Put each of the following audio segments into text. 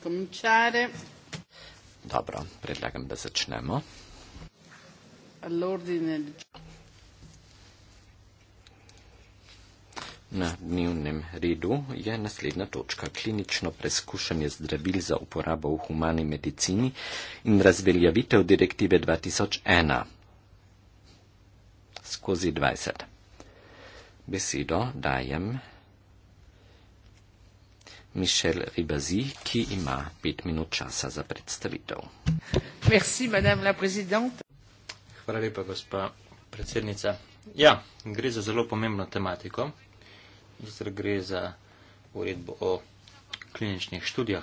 cominciare. Dobro, predlagam, da začnemo. All'ordine. Na dnevnem redu je naslednja točka klinično preskušanje zdravil za uporabo v humani medicini in razveljavitev direktive 2001 skozi 20. Besedo dajem Mišel Ribazi, ki ima pet minut časa za predstavitev. Merci, Hvala lepa, gospa predsednica. Ja, gre za zelo pomembno tematiko. Zdaj gre za uredbo o kliničnih študijah.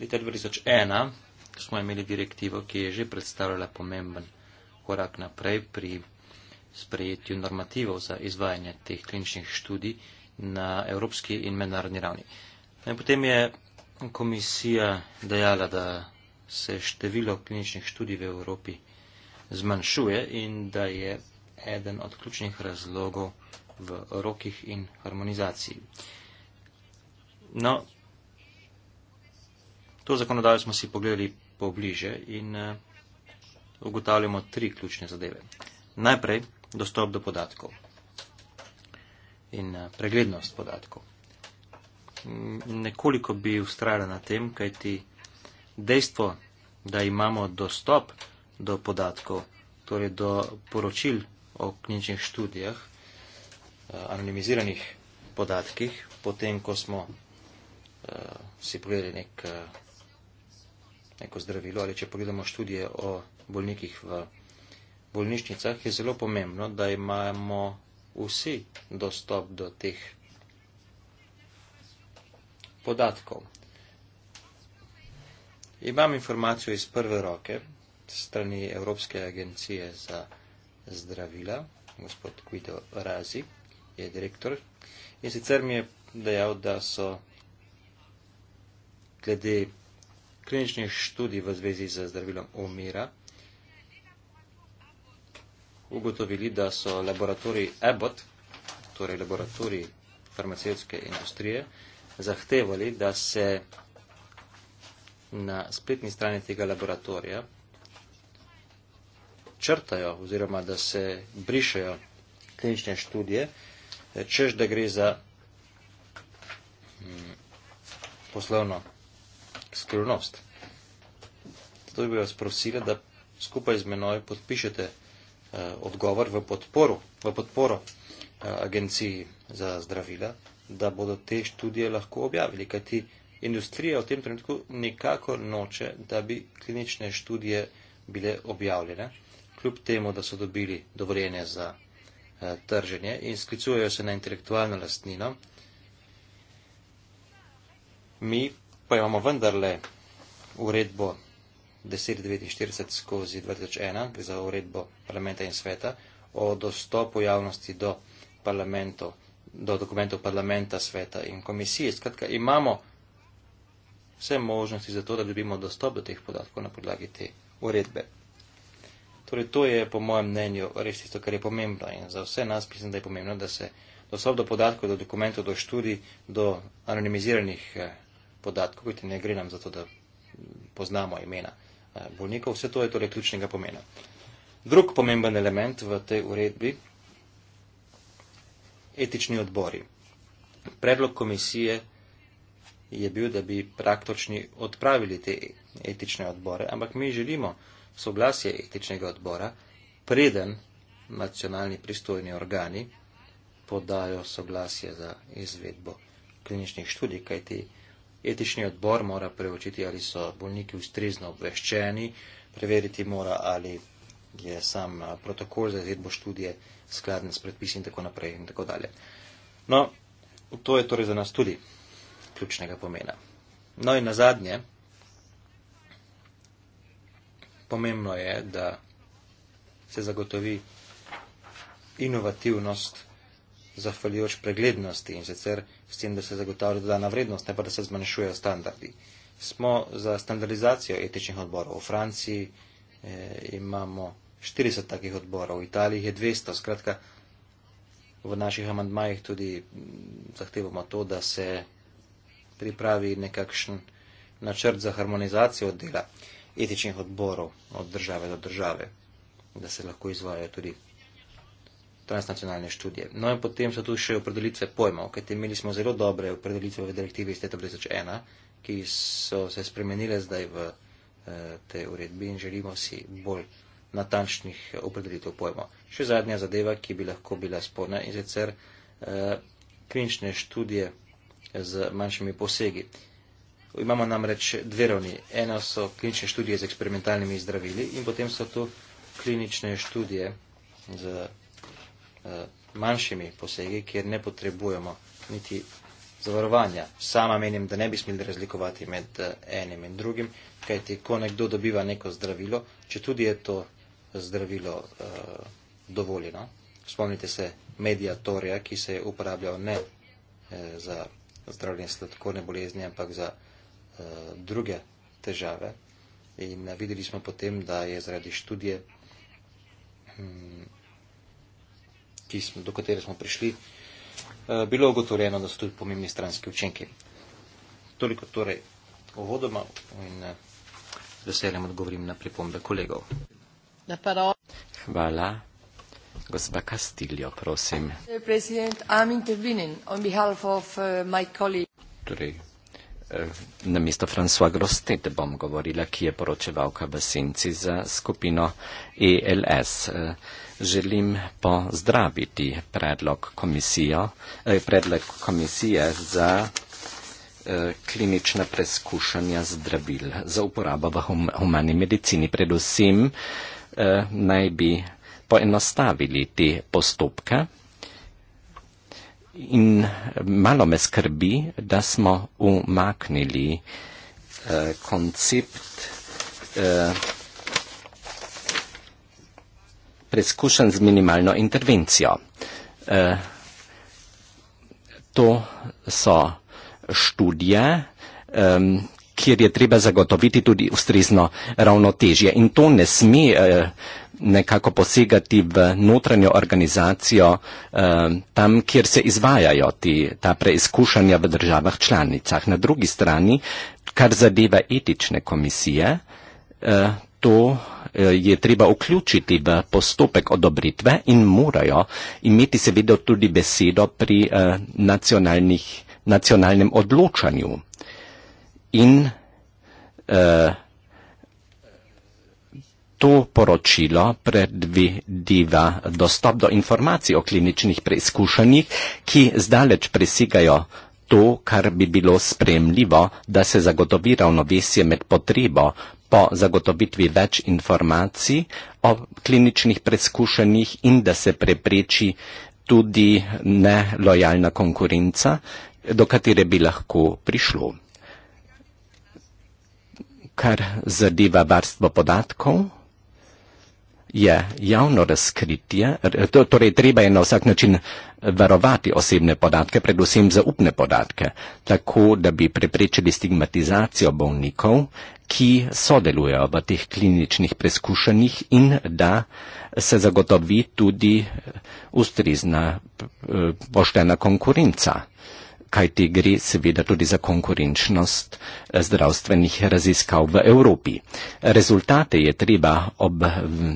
Leta 2001 smo imeli direktivo, ki je že predstavljala pomemben korak naprej pri sprejetju normativov za izvajanje teh kliničnih študij na evropski in mednarodni ravni. In potem je komisija dejala, da se število kliničnih študij v Evropi zmanjšuje in da je eden od ključnih razlogov v rokih in harmonizaciji. No, to zakonodajo smo si pogledali pobliže in eh, ugotavljamo tri ključne zadeve. Najprej dostop do podatkov in eh, preglednost podatkov nekoliko bi ustrajala na tem, kajti dejstvo, da imamo dostop do podatkov, torej do poročil o kliničnih študijah, eh, anonimiziranih podatkih, potem, ko smo uh, si pogledali nek, uh, neko zdravilo ali če pogledamo študije o bolnikih v bolnišnicah, je zelo pomembno, da imamo vsi dostop do teh podatkov. Imam informacijo iz prve roke strani Evropske agencije za zdravila, gospod Guido Razi je direktor in sicer mi je dejal, da so glede kliničnih študij v zvezi z zdravilom Omira ugotovili, da so laboratoriji Abbott, torej laboratoriji farmacevtske industrije, zahtevali, da se na spletni strani tega laboratorija črtajo oziroma da se brišajo klinične študije, čež da gre za mm, poslovno skrivnost. Zato bi vas prosila, da skupaj z menoj podpišete eh, odgovor v podporo, v podporo eh, agenciji za zdravila, da bodo te študije lahko objavili, kajti industrija v tem trenutku nikako noče, da bi klinične študije bile objavljene, kljub temu, da so dobili dovoljenje za eh, trženje in sklicujejo se na intelektualno lastnino. Mi pa imamo vendarle uredbo 1049 skozi 2001, gre za uredbo parlamenta in sveta o dostopu javnosti do parlamentov do dokumentov parlamenta, sveta in komisije. Skratka, imamo vse možnosti za to, da dobimo dostop do teh podatkov na podlagi te uredbe. Torej, to je po mojem mnenju res tisto, kar je pomembno in za vse nas mislim, da je pomembno, da se dostop do podatkov, do dokumentov, do študij, do anonimiziranih eh, podatkov, kajti ne gre nam za to, da poznamo imena eh, bolnikov, vse to je torej ključnega pomena. Drug pomemben element v tej uredbi etični odbori. Predlog komisije je bil, da bi praktični odpravili te etične odbore, ampak mi želimo soglasje etičnega odbora, preden nacionalni pristojni organi podajo soglasje za izvedbo kliničnih študij, kajti etični odbor mora preučiti, ali so bolniki ustrezno obveščeni, preveriti mora, ali je sam protokol za izvedbo študije skladen s predpisi in tako naprej in tako dalje. No, to je torej za nas tudi ključnega pomena. No in na zadnje, pomembno je, da se zagotovi inovativnost zahvaljujoč preglednosti in sicer s tem, da se zagotavlja dodana vrednost, ne pa da se zmanjšujejo standardi. Smo za standardizacijo etičnih odborov. V Franciji eh, imamo 40 takih odborov, v Italiji je 200. Skratka, v naših amandmajih tudi mm, zahtevamo to, da se pripravi nekakšen načrt za harmonizacijo dela etičnih odborov od države do države, da se lahko izvajo tudi transnacionalne študije. No in potem so tu še opredelitve pojmov, kajte imeli smo zelo dobre opredelitve v direktivi iz leta 2001, ki so se spremenile zdaj v eh, tej uredbi in želimo si bolj natančnih opredelitev pojma. Še zadnja zadeva, ki bi lahko bila sporna, je sicer eh, klinične študije z manjšimi posegi. Imamo namreč dve ravni. Eno so klinične študije z eksperimentalnimi zdravili in potem so tu klinične študije z eh, manjšimi posegi, kjer ne potrebujemo niti zavarovanja. Sama menim, da ne bi smeli razlikovati med eh, enim in drugim, kajti ko nekdo dobiva neko zdravilo, če tudi je to zdravilo uh, dovoljeno. Spomnite se mediatorja, ki se je uporabljal ne eh, za zdravljenje sladkorne bolezni, ampak za eh, druge težave. In eh, videli smo potem, da je zaradi študije, hm, smo, do katere smo prišli, eh, bilo ugotovljeno, da so tudi pomembni stranski učinki. Toliko torej uvodoma in eh, veseljem odgovorim na pripombe kolegov. Hvala. Gospa Castillo, prosim. Uh, torej, eh, na mesto François Grostet bom govorila, ki je poročevalka v Senci za skupino ELS. Eh, želim pozdraviti predlog, eh, predlog komisije za eh, klinična preskušanja zdravil za uporabo v humani medicini. Predvsem eh, Eh, naj bi poenostavili te postopke. In malo me skrbi, da smo umaknili eh, koncept eh, preskušen z minimalno intervencijo. Eh, to so študije, eh, kjer je treba zagotoviti tudi ustrezno ravnotežje. In to ne sme eh, nekako posegati v notranjo organizacijo eh, tam, kjer se izvajajo ti, ta preizkušanja v državah članicah. Na drugi strani, kar zadeva etične komisije, eh, to je treba vključiti v postopek odobritve in morajo imeti seveda tudi besedo pri nacionalnih nacionalnem odločanju in eh, To poročilo predvideva dostop do informacij o kliničnih preizkušanjih, ki zdaleč presegajo to, kar bi bilo spremljivo, da se zagotovi ravnovesje med potrebo po zagotovitvi več informacij o kliničnih preizkušanjih in da se prepreči tudi nelojalna konkurenca, do katere bi lahko prišlo kar zadeva varstvo podatkov, je javno razkritje, torej treba je na vsak način varovati osebne podatke, predvsem zaupne podatke, tako da bi preprečili stigmatizacijo bolnikov, ki sodelujejo v teh kliničnih preskušanjih in da se zagotovi tudi eh, ustrezna eh, poštena konkurenca kaj ti gre seveda tudi za konkurenčnost eh, zdravstvenih raziskav v Evropi. Rezultate je treba ob, mm,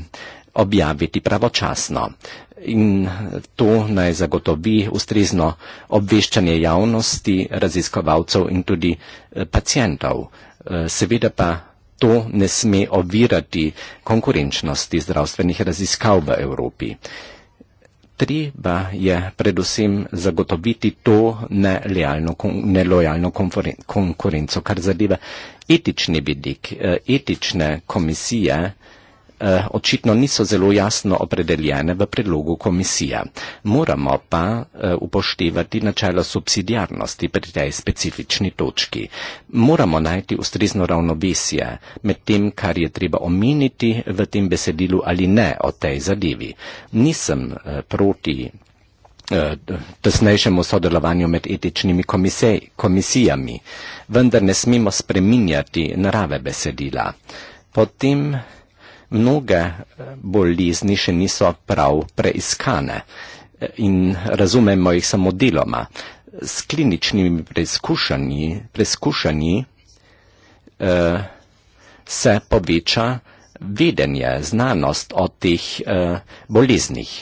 objaviti pravočasno in to naj zagotovi ustrezno obveščanje javnosti, raziskovalcev in tudi eh, pacijentov. Eh, seveda pa to ne sme ovirati konkurenčnosti zdravstvenih raziskav v Evropi treba je predvsem zagotoviti to nelojalno konkurenco, kar zadeva etični vidik, eh, etične komisije eh, očitno niso zelo jasno opredeljene v predlogu komisije. Moramo pa eh, upoštevati načelo subsidijarnosti pri tej specifični točki. Moramo najti ustrezno ravnovesje med tem, kar je treba omeniti v tem besedilu ali ne o tej zadevi. Nisem eh, proti eh, tesnejšemu sodelovanju med etičnimi komisej, komisijami, vendar ne smemo spreminjati narave besedila. Potem mnoge eh, bolezni še niso prav preiskane eh, in razumemo jih samo deloma. S kliničnimi preizkušanji, preizkušanji eh, se poveča vedenje, znanost o teh eh, boleznih.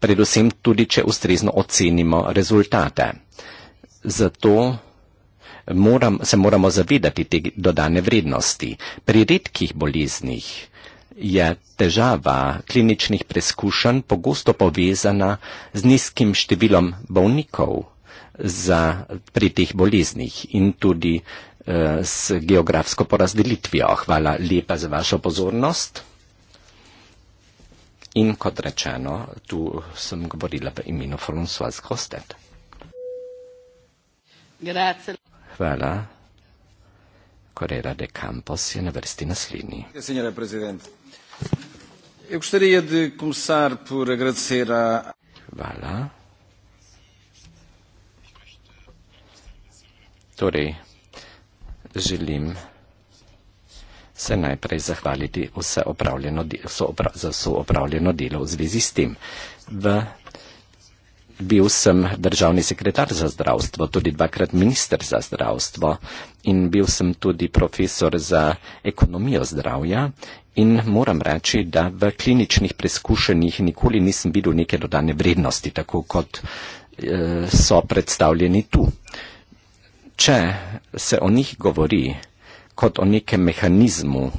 Predvsem tudi, če ustrezno ocenimo rezultate. Zato moram, se moramo zavedati te dodane vrednosti. Pri redkih boleznih je težava kliničnih preizkušenj pogosto povezana z nizkim številom bolnikov za, pri teh boleznih in tudi eh, s geografsko porazdelitvijo. Hvala lepa za vašo pozornost. In kot rečeno, tu sem govorila v imenu François Kostet. Hvala. Correra de Campos je na vrsti naslednji. Signore Presidente. Eu gostaria de começar por agradecer a. Vá lá. Torej, želim se najprej zahvaliti vse opravljeno, so opra, za vso opravljeno delo v zvezi s tem. V bil sem državni sekretar za zdravstvo, tudi dvakrat minister za zdravstvo in bil sem tudi profesor za ekonomijo zdravja in moram reči, da v kliničnih preskušenjih nikoli nisem videl neke dodane vrednosti, tako kot e, so predstavljeni tu. Če se o njih govori kot o nekem mehanizmu,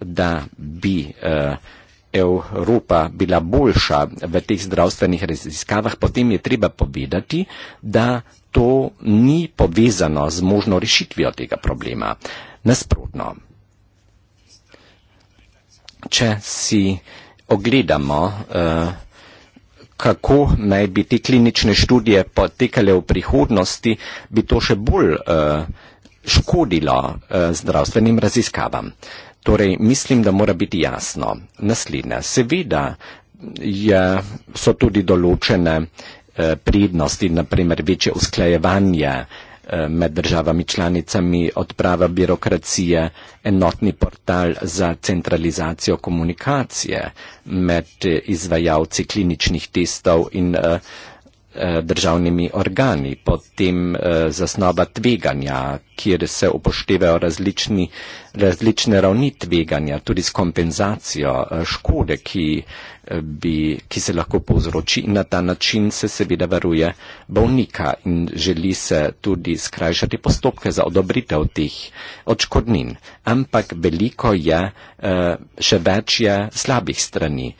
da bi e, Evropa bila boljša v teh zdravstvenih raziskavah, potem je treba povedati, da to ni povezano z možno rešitvijo tega problema. Nasprotno, če si ogledamo, eh, kako naj bi te klinične študije potekale v prihodnosti, bi to še bolj eh, škodilo eh, zdravstvenim raziskavam. Torej, mislim, da mora biti jasno. Naslednja, seveda je, so tudi določene eh, prednosti, naprimer večje usklajevanje eh, med državami članicami, odprava birokracije, enotni portal za centralizacijo komunikacije med eh, izvajalci kliničnih testov in eh, Eh, državnimi organi, potem eh, zasnova tveganja, kjer se upoštevajo različni, različne ravni tveganja, tudi s kompenzacijo eh, škode, ki, bi, ki se lahko povzroči in na ta način se seveda varuje bolnika in želi se tudi skrajšati postopke za odobritev teh odškodnin. Ampak veliko je, še več je slabih strani.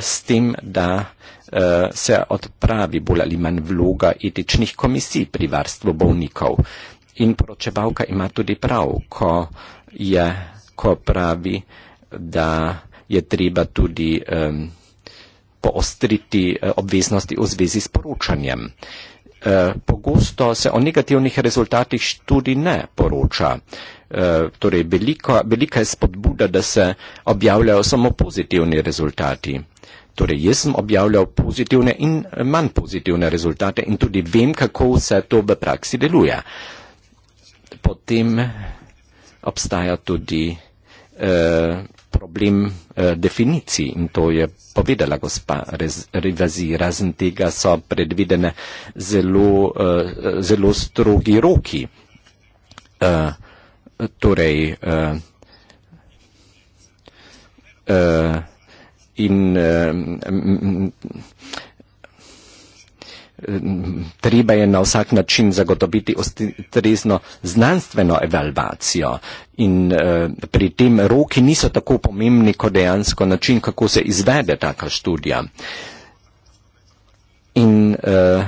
S tem, da Eh, se odpravi bolj ali manj vloga etičnih komisij pri varstvu bolnikov. In poročevalka ima tudi prav, ko, je, ko pravi, da je treba tudi um, poostriti eh, obveznosti v zvezi s poročanjem. E, pogosto se o negativnih rezultatih tudi ne poroča. E, torej, velika je spodbuda, da se objavljajo samo pozitivni rezultati. E, Torej, jaz sem objavljal pozitivne in eh, manj pozitivne rezultate in tudi vem, kako vse to v praksi deluje. Potem eh, obstaja tudi eh, problem eh, definicij in to je povedala gospa Rivazi. Razen tega so predvidene zelo, eh, zelo strogi roki. Eh, torej, eh, eh, in um, treba je na vsak način zagotoviti ustrezno znanstveno evalvacijo in eh, pri tem roki niso tako pomembni kot dejansko način, kako se izvede taka študija. In eh,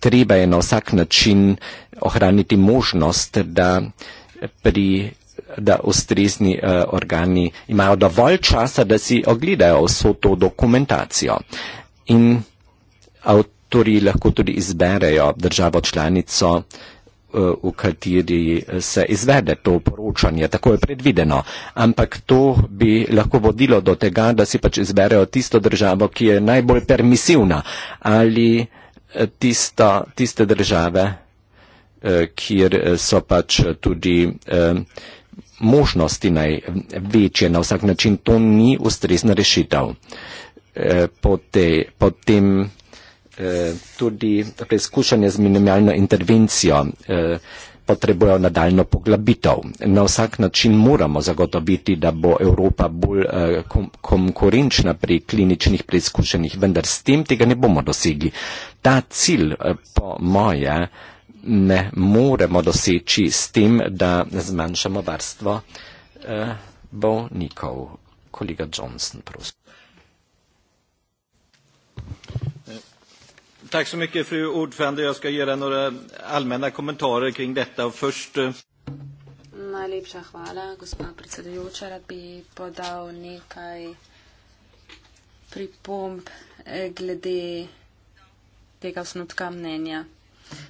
treba je na vsak način ohraniti možnost, da pri da ustrezni uh, organi imajo dovolj časa, da si ogledajo vso to dokumentacijo. In avtori lahko tudi izberejo državo članico, uh, v kateri eh, se izvede to poročanje, tako je predvideno. Ampak to bi lahko vodilo do tega, da si pač izberejo tisto državo, ki je najbolj permisivna ali tisto, tiste države, uh, kjer so pač tudi uh, možnosti največje na vsak način, to ni ustrezna rešitev. Eh, potem eh, tudi preizkušanje z minimalno intervencijo eh, potrebujejo nadaljno poglabitev. Na vsak način moramo zagotoviti, da bo Evropa bolj konkurenčna pri kliničnih preizkušanjih, vendar s tem tega ne bomo dosegli. Ta cilj po moje ne moremo doseči s tem, da zmanjšamo varstvo eh, bolnikov. Kolega Johnson, prosim. Eh, tak so mykje, fru ordfende. Jaz skal gjøre nore almene kommentarer kring dette. Og først... Eh, Najlepša hvala, gospod predsedujoča. Rad bi podal nekaj pripomb eh, glede tega osnutka mnenja.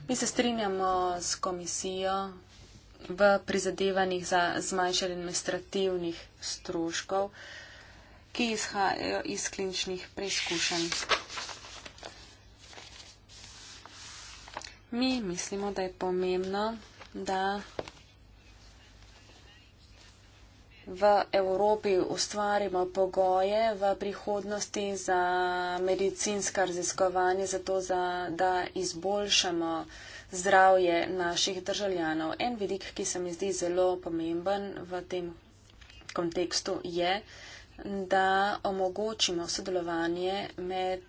Mi se strinjamo s komisijo v prizadevanjih za zmanjšanje administrativnih stroškov, ki izhajajo iz kliničnih preizkušenj. Mi mislimo, da je pomembno, da v Evropi ustvarimo pogoje v prihodnosti za medicinsko raziskovanje, zato za, da izboljšamo zdravje naših državljanov. En vidik, ki se mi zdi zelo pomemben v tem kontekstu, je, da omogočimo sodelovanje med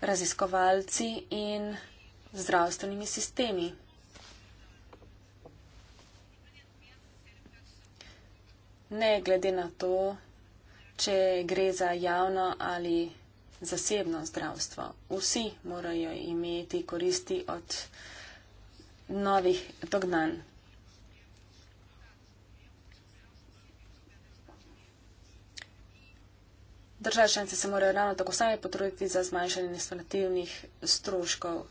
raziskovalci in zdravstvenimi sistemi. ne glede na to, če gre za javno ali zasebno zdravstvo. Vsi morajo imeti koristi od novih dognan. Države članice se morajo ravno tako same potruditi za zmanjšanje administrativnih stroškov.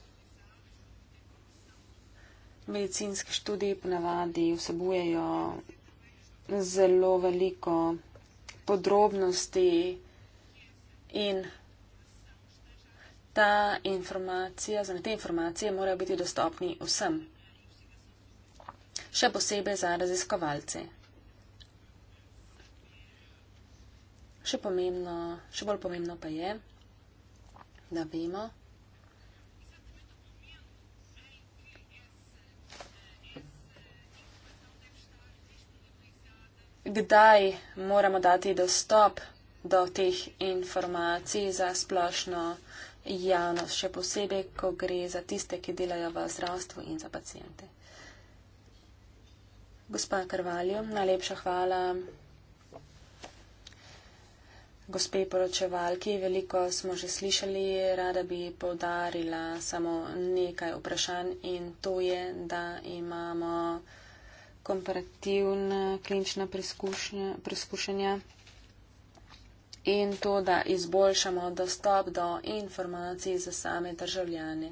Medicinski študiji ponavadi vsebujejo zelo veliko podrobnosti in ta informacija, zame te informacije morajo biti dostopni vsem, še posebej za raziskovalce. Še, pomembno, še bolj pomembno pa je, da vemo, kdaj moramo dati dostop do teh informacij za splošno javnost, še posebej, ko gre za tiste, ki delajo v zdravstvu in za pacijente. Gospa Karvalju, najlepša hvala. Gospe poročevalki, veliko smo že slišali, rada bi podarila samo nekaj vprašanj in to je, da imamo komparativna klinična preizkušnja in to, da izboljšamo dostop do informacij za same državljane.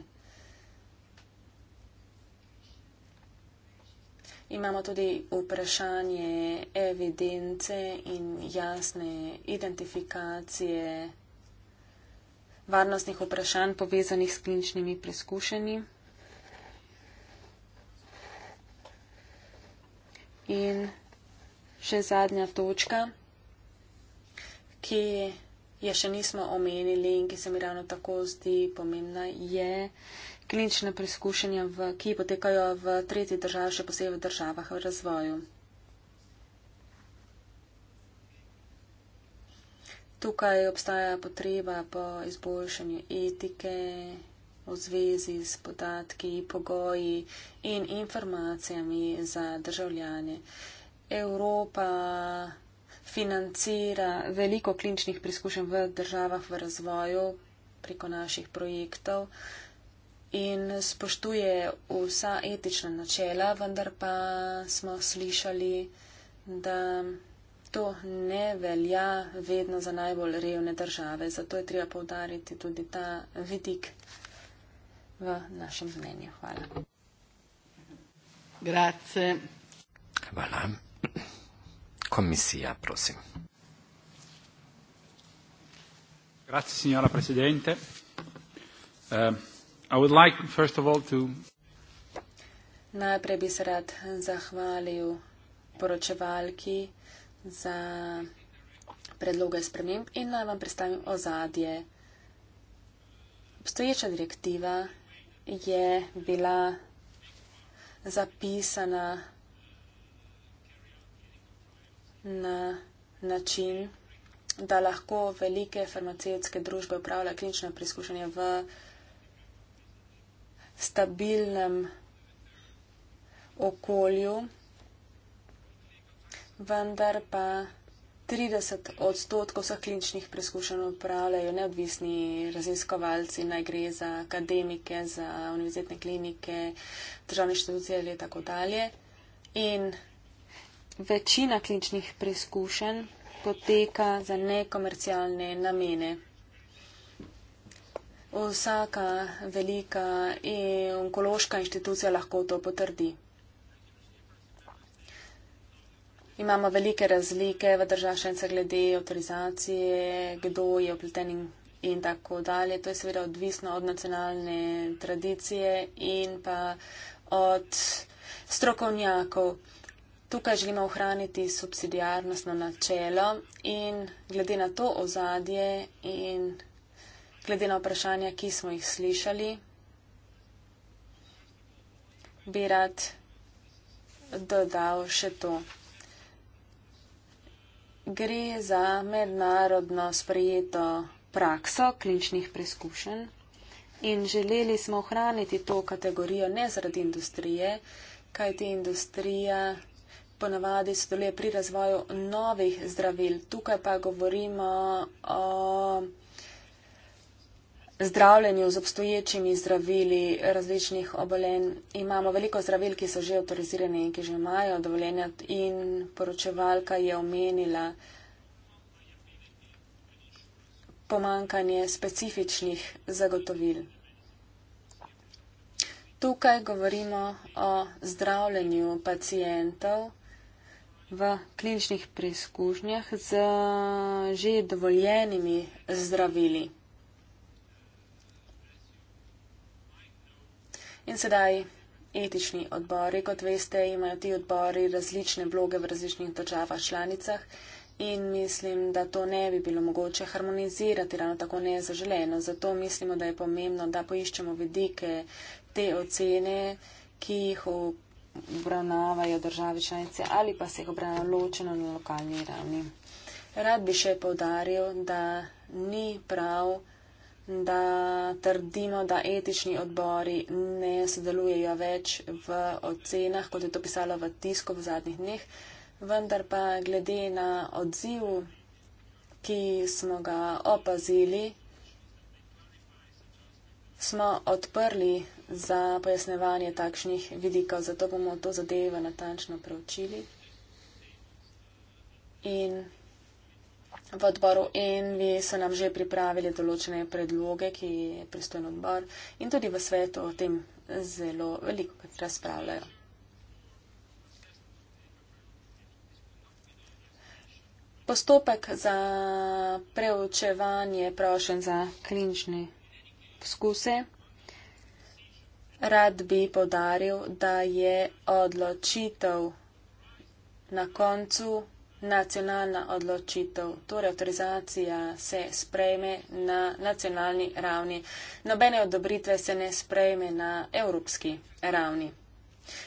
Imamo tudi vprašanje evidence in jasne identifikacije varnostnih vprašanj povezanih s kliničnimi preizkušnjami. In še zadnja točka, ki je še nismo omenili in ki se mi ravno tako zdi pomembna, je klinične preizkušanja, ki potekajo v tretji državi, še posebej v državah v razvoju. Tukaj obstaja potreba po izboljšanju etike v zvezi s podatki, pogoji in informacijami za državljane. Evropa financira veliko kliničnih preizkušenj v državah v razvoju preko naših projektov in spoštuje vsa etična načela, vendar pa smo slišali, da to ne velja vedno za najbolj revne države. Zato je treba povdariti tudi ta vidik v našem mnenju. Hvala. Grazie. Hvala. Komisija, prosim. Grazie, signora presidente. Uh, I would like, first of all, to... Najprej bi se rad zahvalil poročevalki za predloge sprememb in naj vam predstavim ozadje. Obstoječa direktiva je bila zapisana na način, da lahko velike farmacevtske družbe upravljajo klinične preizkušanja v stabilnem okolju, vendar pa 30 odstotkov vseh kliničnih preizkušenj upravljajo neodvisni raziskovalci, naj gre za akademike, za univerzitne klinike, državne inštitucije ali tako dalje. In večina kliničnih preizkušenj poteka za nekomercialne namene. Vsaka velika onkološka inštitucija lahko to potrdi. imamo velike razlike v državah šence glede avtorizacije, kdo je upleten in, in tako dalje. To je seveda odvisno od nacionalne tradicije in pa od strokovnjakov. Tukaj želimo ohraniti subsidijarnostno načelo in glede na to ozadje in glede na vprašanja, ki smo jih slišali, bi rad dodal še to gre za mednarodno sprejeto prakso kliničnih preskušenj in želeli smo ohraniti to kategorijo ne zaradi industrije, kaj ti industrija ponavadi sodeluje pri razvoju novih zdravil. Tukaj pa govorimo o zdravljenju z obstoječimi zdravili različnih obolenj. Imamo veliko zdravil, ki so že autorizirane in ki že imajo dovoljenja in poročevalka je omenila pomankanje specifičnih zagotovil. Tukaj govorimo o zdravljenju pacijentov v kliničnih preizkušnjah z že dovoljenimi zdravili. In sedaj etični odbori, kot veste, imajo ti odbori različne vloge v različnih državah članicah in mislim, da to ne bi bilo mogoče harmonizirati ravno tako nezaželeno. Zato mislimo, da je pomembno, da poiščemo vedike te ocene, ki jih obravnavajo države članice ali pa se jih obravnavajo ločeno na lokalni ravni. Rad bi še povdaril, da ni prav da trdimo, da etični odbori ne sodelujejo več v ocenah, kot je to pisalo v tisku v zadnjih dneh, vendar pa glede na odziv, ki smo ga opazili, smo odprli za pojasnevanje takšnih vidikov, zato bomo to zadevo natančno preučili. In v odboru in vi so nam že pripravili določene predloge, ki je pristojen odbor in tudi v svetu o tem zelo veliko razpravljajo. Postopek za preučevanje prošen za klinične poskuse. Rad bi podaril, da je odločitev na koncu nacionalna odločitev, torej avtorizacija se sprejme na nacionalni ravni, nobene odobritve se ne sprejme na evropski ravni.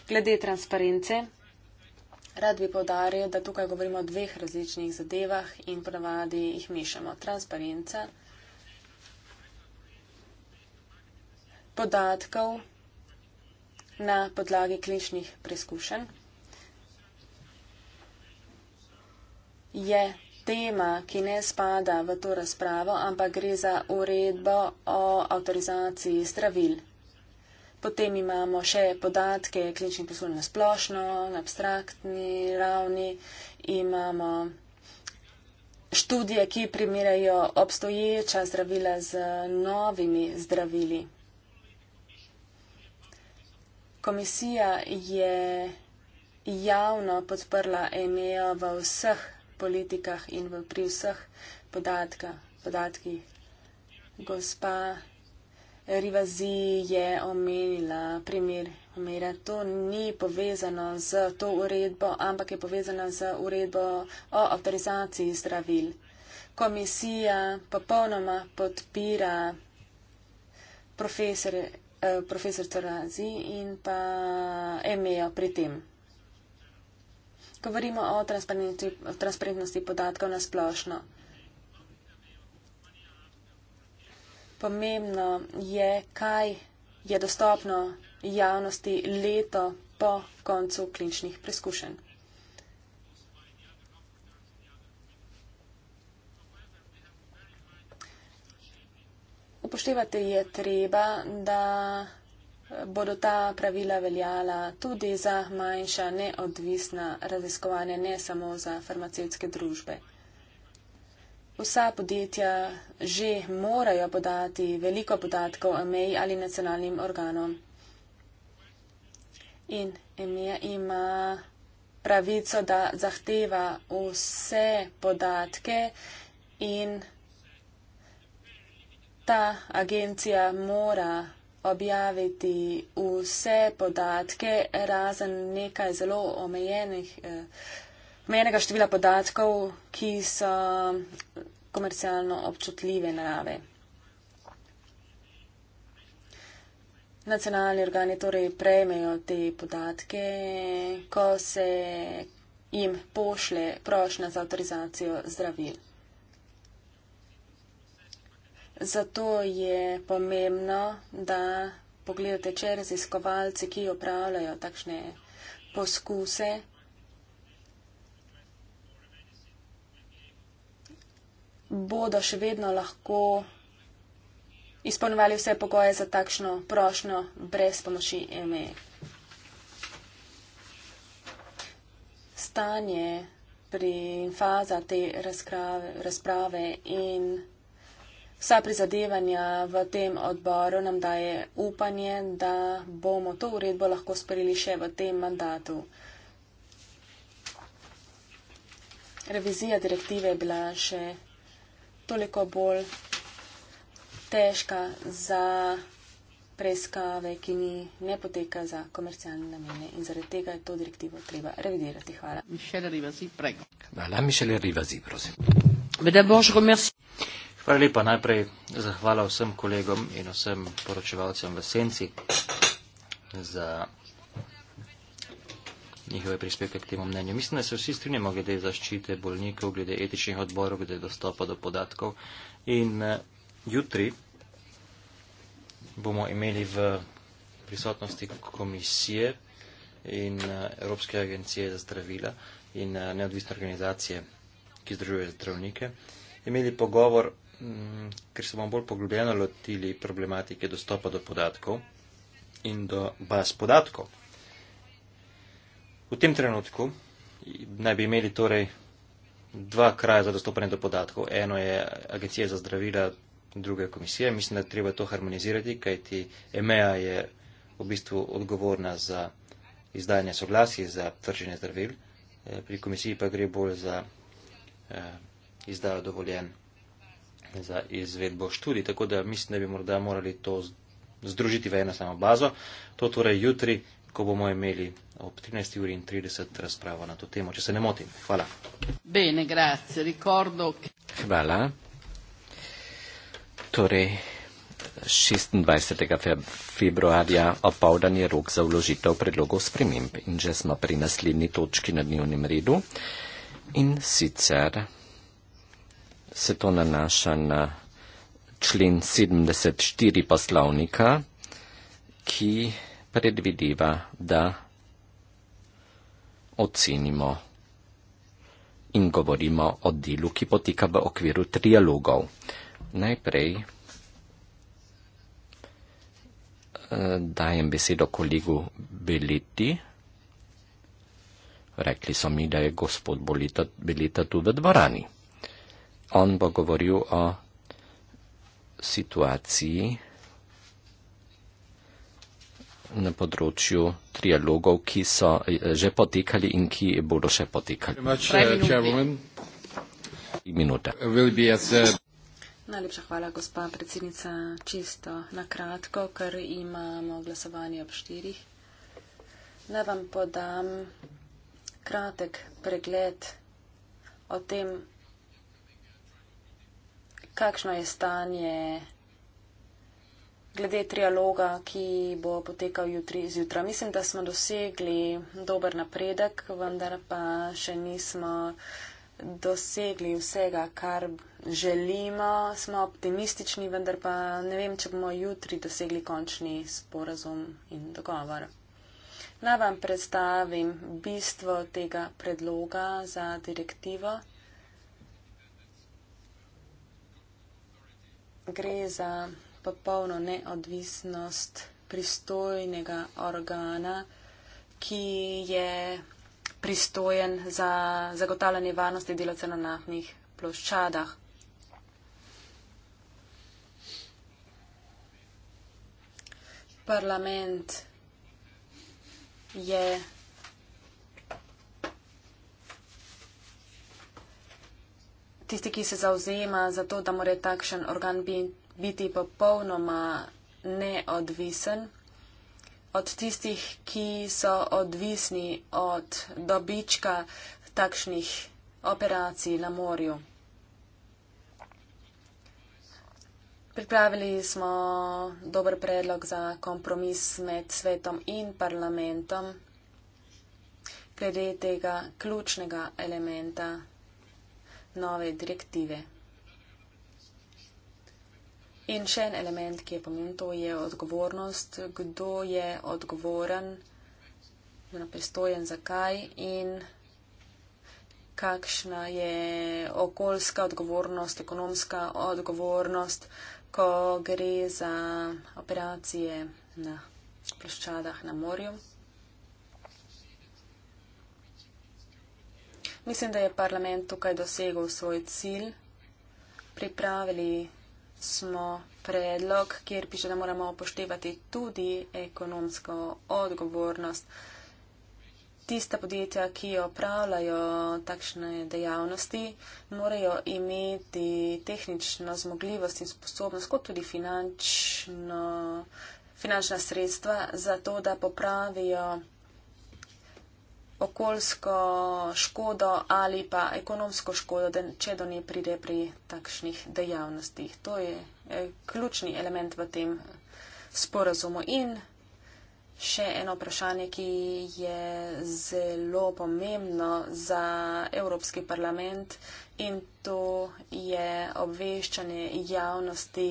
Glede transparence, rad bi povdaril, da tukaj govorimo o dveh različnih zadevah in ponavadi jih mešamo. Transparenca podatkov na podlagi kliničnih preizkušenj. je tema, ki ne spada v to razpravo, ampak gre za uredbo o avtorizaciji stravil. Potem imamo še podatke kliničnih poslovnih na splošno, na abstraktni ravni, imamo študije, ki primirajo obstoječa zdravila z novimi zdravili. Komisija je javno podprla EMEO v vseh politikah in v, pri vseh podatka, podatkih. Gospa Rivazi je omenila primer umira. To ni povezano z to uredbo, ampak je povezano z uredbo o avtorizaciji zdravil. Komisija popolnoma podpira profesor, eh, profesor Torazi in pa emejo pri tem govorimo o transparentnosti, o transparentnosti podatkov na splošno. Pomembno je, kaj je dostopno javnosti leto po koncu kliničnih preskušenj. Upoštevati je treba, da bodo ta pravila veljala tudi za manjša neodvisna raziskovanja, ne samo za farmacevtske družbe. Vsa podjetja že morajo podati veliko podatkov EMEI ali nacionalnim organom. In EMEA ima pravico, da zahteva vse podatke in ta agencija mora objaviti vse podatke, razen nekaj zelo omejenih, eh, omejenega števila podatkov, ki so komercialno občutljive narave. Nacionalni organi torej prejmejo te podatke, ko se jim pošle prošnja za avtorizacijo zdravil. Zato je pomembno, da pogledate, če raziskovalci, ki opravljajo takšne poskuse, bodo še vedno lahko izpolnjevali vse pogoje za takšno prošnjo brez pomoči ME. Stanje pri faza te razprave in Vsa prizadevanja v tem odboru nam daje upanje, da bomo to uredbo lahko sprejeli še v tem mandatu. Revizija direktive je bila še toliko bolj težka za preiskave, ki ni ne poteka za komercialne namene in zaradi tega je to direktivo treba revidirati. Hvala. Mišel Rivazi, prego. Hvala, Mišel Rivazi, prosim. Hvala lepa najprej za hvala vsem kolegom in vsem poročevalcem v Senci za njihove prispevke k temu mnenju. Mislim, da se vsi strinjamo glede zaščite bolnikov, glede etičnih odborov, glede dostopa do podatkov. In eh, jutri bomo imeli v prisotnosti komisije in eh, Evropske agencije za zdravila in eh, neodvisne organizacije, ki združuje zdravnike, imeli pogovor Mm, ker se bomo bolj poglobljeno lotili problematike dostopa do podatkov in do baz podatkov. V tem trenutku naj bi imeli torej dva kraja za dostopanje do podatkov. Eno je Agencija za zdravila, druga je komisija. Mislim, da treba to harmonizirati, kajti EMEA je v bistvu odgovorna za izdajanje soglasij za trženje zdravil, eh, pri komisiji pa gre bolj za eh, izdajo dovoljen za izvedbo študij, tako da mislim, da bi morda morali to združiti v eno samo bazo. To torej jutri, ko bomo imeli ob 13.30 razpravo na to temo, če se ne motim. Hvala. Bene, grazie, ricordo. Hvala. Torej, 26. februarja opavdan je rok za vložitev predlogov sprememb in že smo pri naslednji točki na dnevnem redu. In sicer se to nanaša na člen 74 poslovnika, ki predvideva, da ocenimo in govorimo o delu, ki poteka v okviru trialogov. Najprej eh, dajem besedo kolegu Beliti. Rekli so mi, da je gospod Bolita, Bolita tu v dvorani on bo govoril o situaciji na področju trialogov, ki so eh, že potekali in ki bodo še potekali. Eh, Najlepša hvala, gospa predsednica. Čisto na kratko, ker imamo glasovanje ob štirih. Naj vam podam kratek pregled o tem, kakšno je stanje glede trialoga, ki bo potekal jutri zjutraj. Mislim, da smo dosegli dober napredek, vendar pa še nismo dosegli vsega, kar želimo. Smo optimistični, vendar pa ne vem, če bomo jutri dosegli končni sporazum in dogovor. Naj vam predstavim bistvo tega predloga za direktivo. gre za popolno neodvisnost pristojnega organa, ki je pristojen za zagotavljanje varnosti delavcev na naftnih ploščadah. Parlament je tisti, ki se zauzema za to, da more takšen organ biti popolnoma neodvisen od tistih, ki so odvisni od dobička takšnih operacij na morju. Pripravili smo dober predlog za kompromis med svetom in parlamentom glede tega ključnega elementa nove direktive. In še en element, ki je pomemben, to je odgovornost, kdo je odgovoren, napristojen zakaj in kakšna je okoljska odgovornost, ekonomska odgovornost, ko gre za operacije na ploščadah na morju. Mislim, da je parlament tukaj dosegel svoj cilj. Pripravili smo predlog, kjer piše, da moramo upoštevati tudi ekonomsko odgovornost. Tista podjetja, ki opravljajo takšne dejavnosti, morajo imeti tehnično zmogljivost in sposobnost, kot tudi finančno, finančna sredstva, za to, da popravijo okoljsko škodo ali pa ekonomsko škodo, če do nje pride pri takšnih dejavnostih. To je eh, ključni element v tem eh, sporazumu. In še eno vprašanje, ki je zelo pomembno za Evropski parlament in to je obveščanje javnosti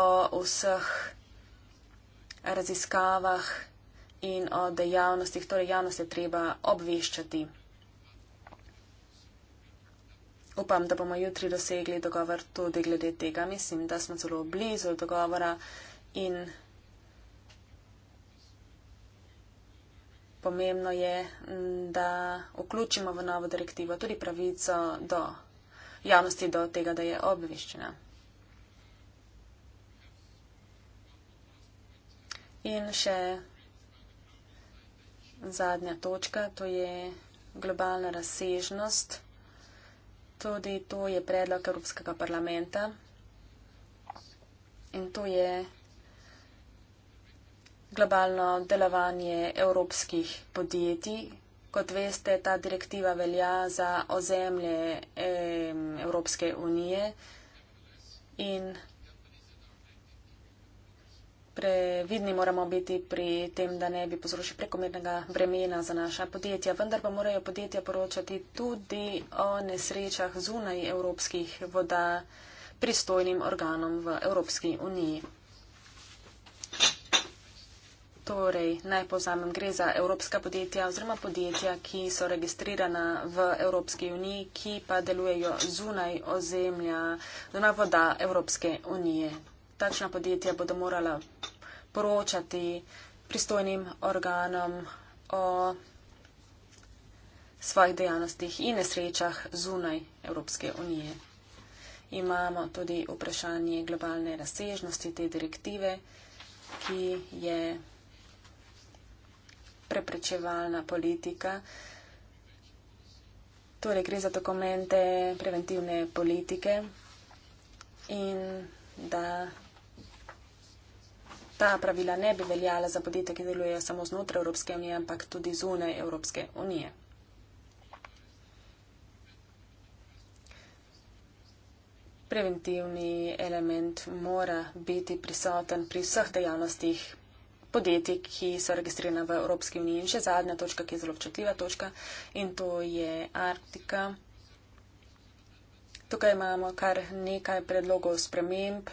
o vseh raziskavah, in o dejavnostih, torej javnost je treba obveščati. Upam, da bomo jutri dosegli dogovor tudi glede tega. Mislim, da smo zelo blizu dogovora in pomembno je, da vključimo v novo direktivo tudi pravico do javnosti do tega, da je obveščena. In še zadnja točka, to je globalna razsežnost. Tudi to je predlog Evropskega parlamenta in to je globalno delovanje evropskih podjetij. Kot veste, ta direktiva velja za ozemlje Evropske unije in Previdni moramo biti pri tem, da ne bi povzročili prekomernega bremena za naša podjetja, vendar pa morajo podjetja poročati tudi o nesrečah zunaj evropskih voda pristojnim organom v Evropski uniji. Torej, naj povzamem, gre za evropska podjetja oziroma podjetja, ki so registrirana v Evropski uniji, ki pa delujejo zunaj ozemlja, zunaj voda Evropske unije. Takšna podjetja bodo morala poročati pristojnim organom o svojih dejavnostih in nesrečah zunaj Evropske unije. Imamo tudi vprašanje globalne razsežnosti te direktive, ki je preprečevalna politika. Torej gre za dokumente preventivne politike in da ta pravila ne bi veljala za podjetja, ki delujejo samo znotraj Evropske unije, ampak tudi zunaj Evropske unije. Preventivni element mora biti prisoten pri vseh dejavnostih podjetij, ki so registrirana v Evropski uniji. In še zadnja točka, ki je zelo občutljiva točka, in to je Arktika. Tukaj imamo kar nekaj predlogov sprememb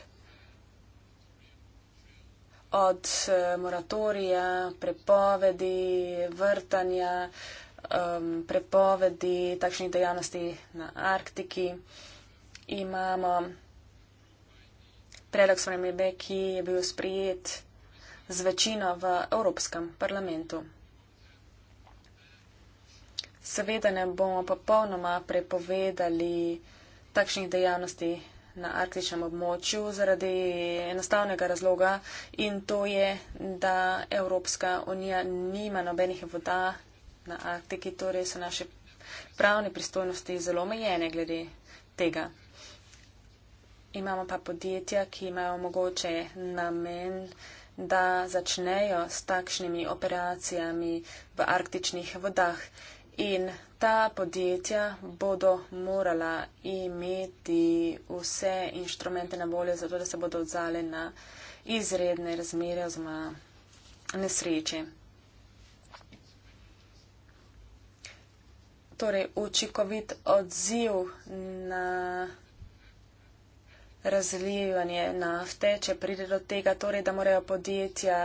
od eh, moratorija, prepovedi, vrtanja, prepovedi takšnih dejavnosti na Arktiki. Imamo predlog spremembe, ki je bil sprijet z večino v Evropskem parlamentu. Seveda ne bomo popolnoma prepovedali takšnih dejavnosti na arktičnem območju zaradi enostavnega razloga in to je, da Evropska unija nima nobenih voda na Arktiki, torej so naše pravne pristojnosti zelo omejene glede tega. Imamo pa podjetja, ki imajo mogoče namen, da začnejo s takšnimi operacijami v arktičnih vodah. In ta podjetja bodo morala imeti vse inštrumente na voljo, zato da se bodo odzale na izredne razmere oziroma nesreče. Torej, učinkovit odziv na razlivanje nafte, če pride do tega, torej, da morajo podjetja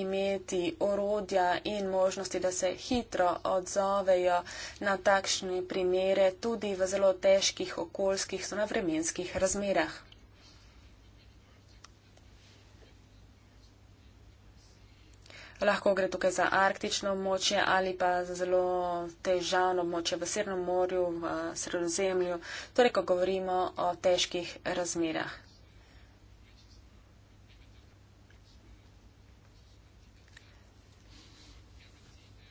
imeti orodja in možnosti, da se hitro odzovejo na takšne primere, tudi v zelo težkih okoljskih, so na vremenskih razmerah. Lahko gre tukaj za arktično območje ali pa za zelo težavno območje v Srednjem morju, v eh, Sredozemlju, torej ko govorimo o težkih razmerah.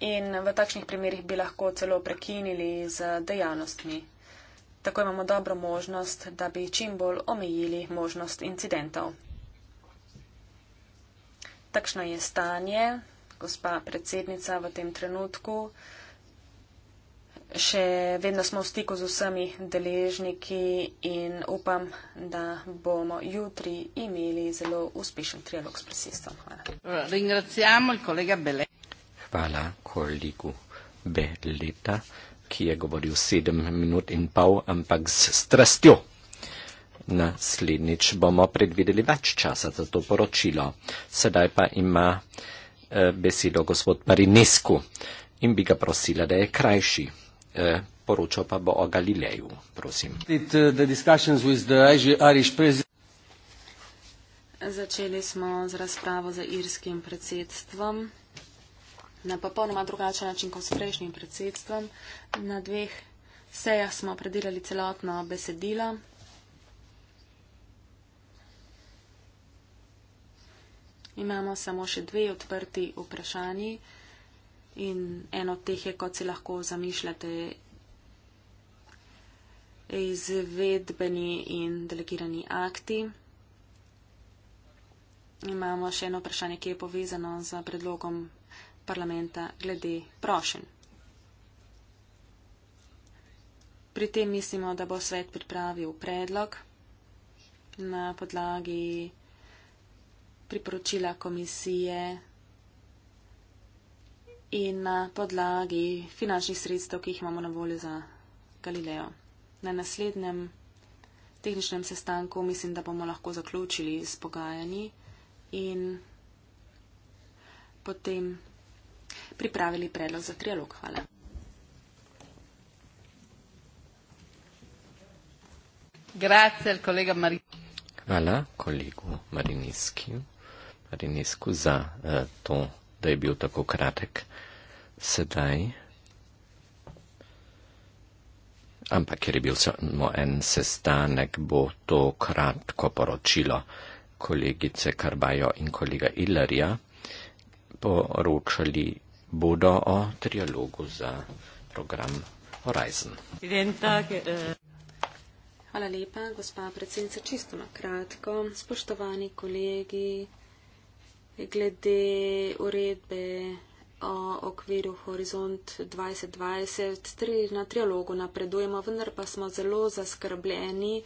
In v takšnih primerjih bi lahko celo prekinili z dejavnostmi. Tako imamo dobro možnost, da bi čim bolj omejili možnost incidentov takšno je stanje, gospa predsednica, v tem trenutku. Še vedno smo v stiku z vsemi deležniki in upam, da bomo jutri imeli zelo uspešen trialog s presistom. Hvala. Hvala kolegu Beleta, ki je govoril sedem minut in pol, ampak s strastjo naslednjič bomo predvideli več časa za to poročilo. Sedaj pa ima eh, besedo gospod Marinescu in bi ga prosila, da je krajši. Eh, poročal pa bo o Galileju. Prosim. Eh, Začeli smo z razpravo za irskim predsedstvom na popolnoma drugačen način kot s prejšnjim predsedstvom. Na dveh sejah smo predelali celotno besedilo. imamo samo še dve odprti vprašanji in eno od teh je, kot si lahko zamišljate, izvedbeni in delegirani akti. Imamo še eno vprašanje, ki je povezano z predlogom parlamenta glede prošenj. Pri tem mislimo, da bo svet pripravil predlog na podlagi priporočila komisije in na podlagi finančnih sredstev, ki jih imamo na voljo za Galileo. Na naslednjem tehničnem sestanku mislim, da bomo lahko zaključili s pogajanji in potem pripravili predlog za trialog. Hvala. Grazie, kolega Marin. Hvala, kolegu Mariniskiju. Rinisku za eh, to, da je bil tako kratek sedaj. Ampak ker je bil samo en sestanek, bo to kratko poročilo kolegice Karbajo in kolega Ilarja poročali bodo o trialogu za program Horizon. Eh. Hvala lepa, gospa predsednica, čisto na kratko. Spoštovani kolegi, glede uredbe o okviru Horizont 2020 tri, na trialogu napredujemo, vendar pa smo zelo zaskrbljeni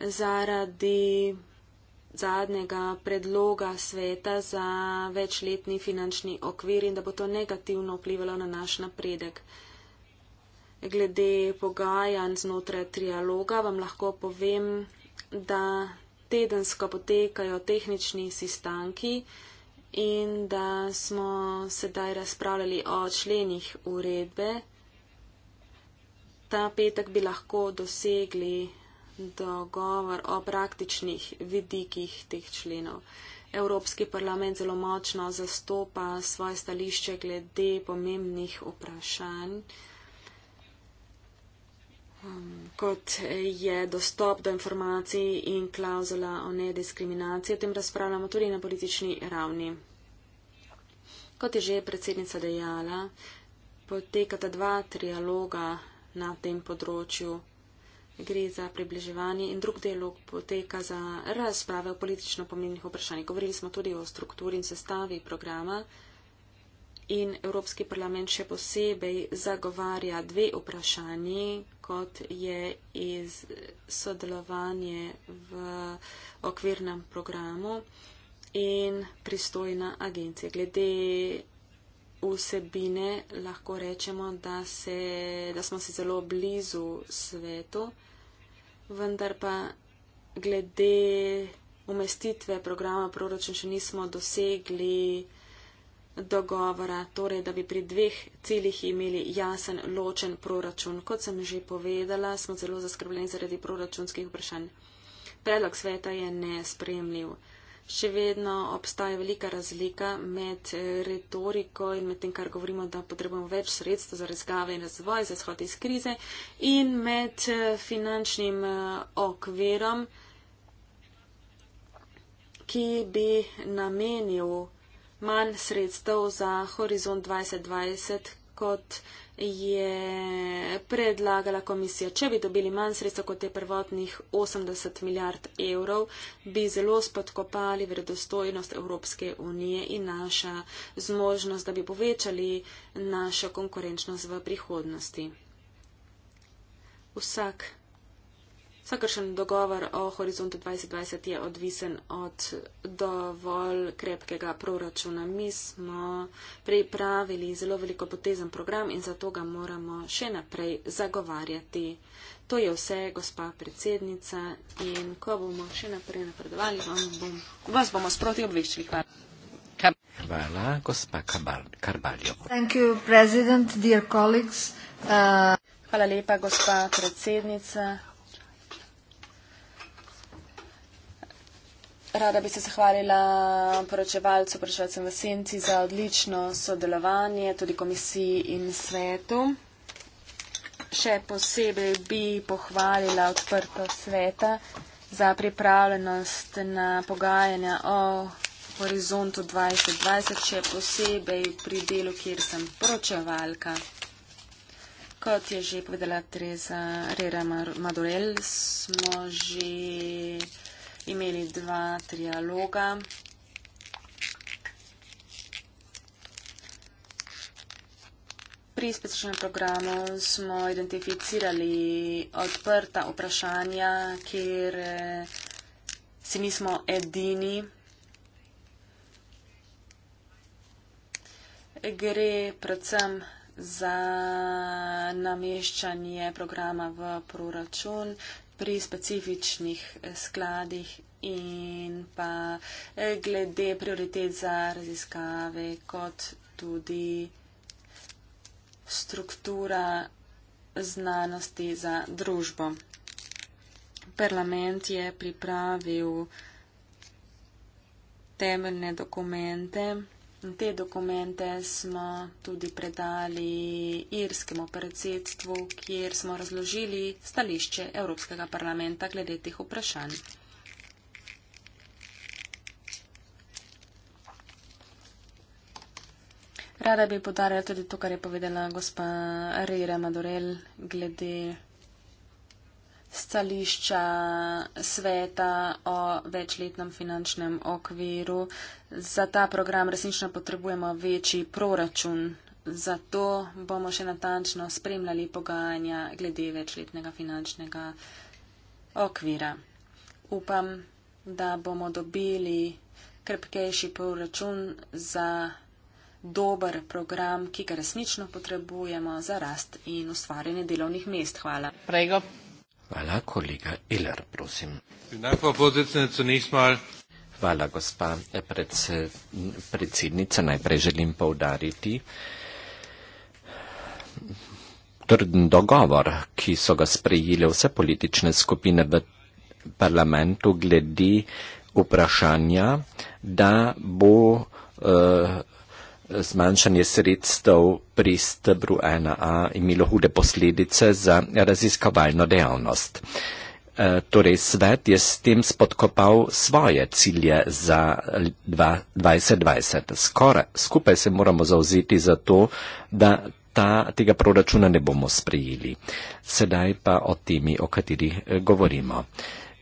zaradi zadnjega predloga sveta za večletni finančni okvir in da bo to negativno vplivalo na naš napredek. Glede pogajanj znotraj trialoga vam lahko povem, da tedensko potekajo tehnični sistanki, in da smo sedaj razpravljali o členih uredbe. Ta petek bi lahko dosegli dogovor o praktičnih vidikih teh členov. Evropski parlament zelo močno zastopa svoje stališče glede pomembnih vprašanj um, kot je dostop do informacij in klauzula o nediskriminaciji. O tem razpravljamo tudi na politični ravni. Kot je že predsednica dejala, potekata dva trialoga na tem področju. Gre za približevanje in drug delog poteka za razprave o politično pomembnih vprašanjih. Govorili smo tudi o strukturi in sestavi programa in Evropski parlament še posebej zagovarja dve vprašanji, kot je iz sodelovanje v okvirnem programu in pristojna agencija. Glede vsebine lahko rečemo, da, se, da smo se zelo blizu svetu, vendar pa glede umestitve programa proračun še nismo dosegli dogovora, torej da bi pri dveh ciljih imeli jasen, ločen proračun. Kot sem že povedala, smo zelo zaskrbljeni zaradi proračunskih vprašanj. Predlog sveta je nespremljiv. Še vedno obstaja velika razlika med eh, retoriko in med tem, kar govorimo, da potrebujemo več sredstev za razgave in razvoj, za shod iz krize in med eh, finančnim eh, okvirom, ki bi namenil manj sredstev za horizont 2020, kot je predlagala komisija. Če bi dobili manj sredstev kot je prvotnih 80 milijard evrov, bi zelo spodkopali vredostojnost Evropske unije in naša zmožnost, da bi povečali našo konkurenčnost v prihodnosti. Vsak Vsakršen dogovor o horizontu 2020 je odvisen od dovolj krepkega proračuna. Mi smo pripravili zelo veliko potezen program in zato ga moramo še naprej zagovarjati. To je vse, gospa predsednica, in ko bomo še naprej napredovali, vam bom, vas bomo sproti obveščili. Hvala. Hvala, gospa Karbaljo. Uh, Hvala lepa, gospa predsednica. Rada bi se zahvalila poročevalcu, poročevalcem v Senci za odlično sodelovanje, tudi komisiji in svetu. Še posebej bi pohvalila odprto sveta za pripravljenost na pogajanja o horizontu 2020, še posebej pri delu, kjer sem poročevalka. Kot je že povedala Teresa Rera Madurel, smo že imeli dva trialoga. Pri specifičnem programu smo identificirali odprta vprašanja, kjer eh, si nismo edini. Gre predvsem za nameščanje programa v proračun, pri specifičnih eh, skladih in pa eh, glede prioritet za raziskave, kot tudi struktura znanosti za družbo. Parlament je pripravil temeljne dokumente, Te dokumente smo tudi predali irskemu predsedstvu, kjer smo razložili stališče Evropskega parlamenta glede teh vprašanj. Rada bi podarila tudi to, kar je povedala gospa Rira Madurel glede stališča sveta o večletnem finančnem okviru. Za ta program resnično potrebujemo večji proračun. Zato bomo še natančno spremljali pogajanja glede večletnega finančnega okvira. Upam, da bomo dobili krpkejši proračun za dober program, ki ga resnično potrebujemo za rast in ustvarjanje delovnih mest. Hvala. Prego. Hvala, kolega Iler, prosim. Hvala, gospa predsednica. Najprej želim povdariti trden dogovor, ki so ga sprejeli vse politične skupine v parlamentu glede vprašanja, da bo uh, zmanjšanje sredstev pri stebru 1a imelo hude posledice za raziskovalno dejavnost. E, torej svet je s tem spodkopal svoje cilje za 2020. Skora, skupaj se moramo zauzeti za to, da ta, tega proračuna ne bomo sprejeli. Sedaj pa o temi, o katerih e, govorimo.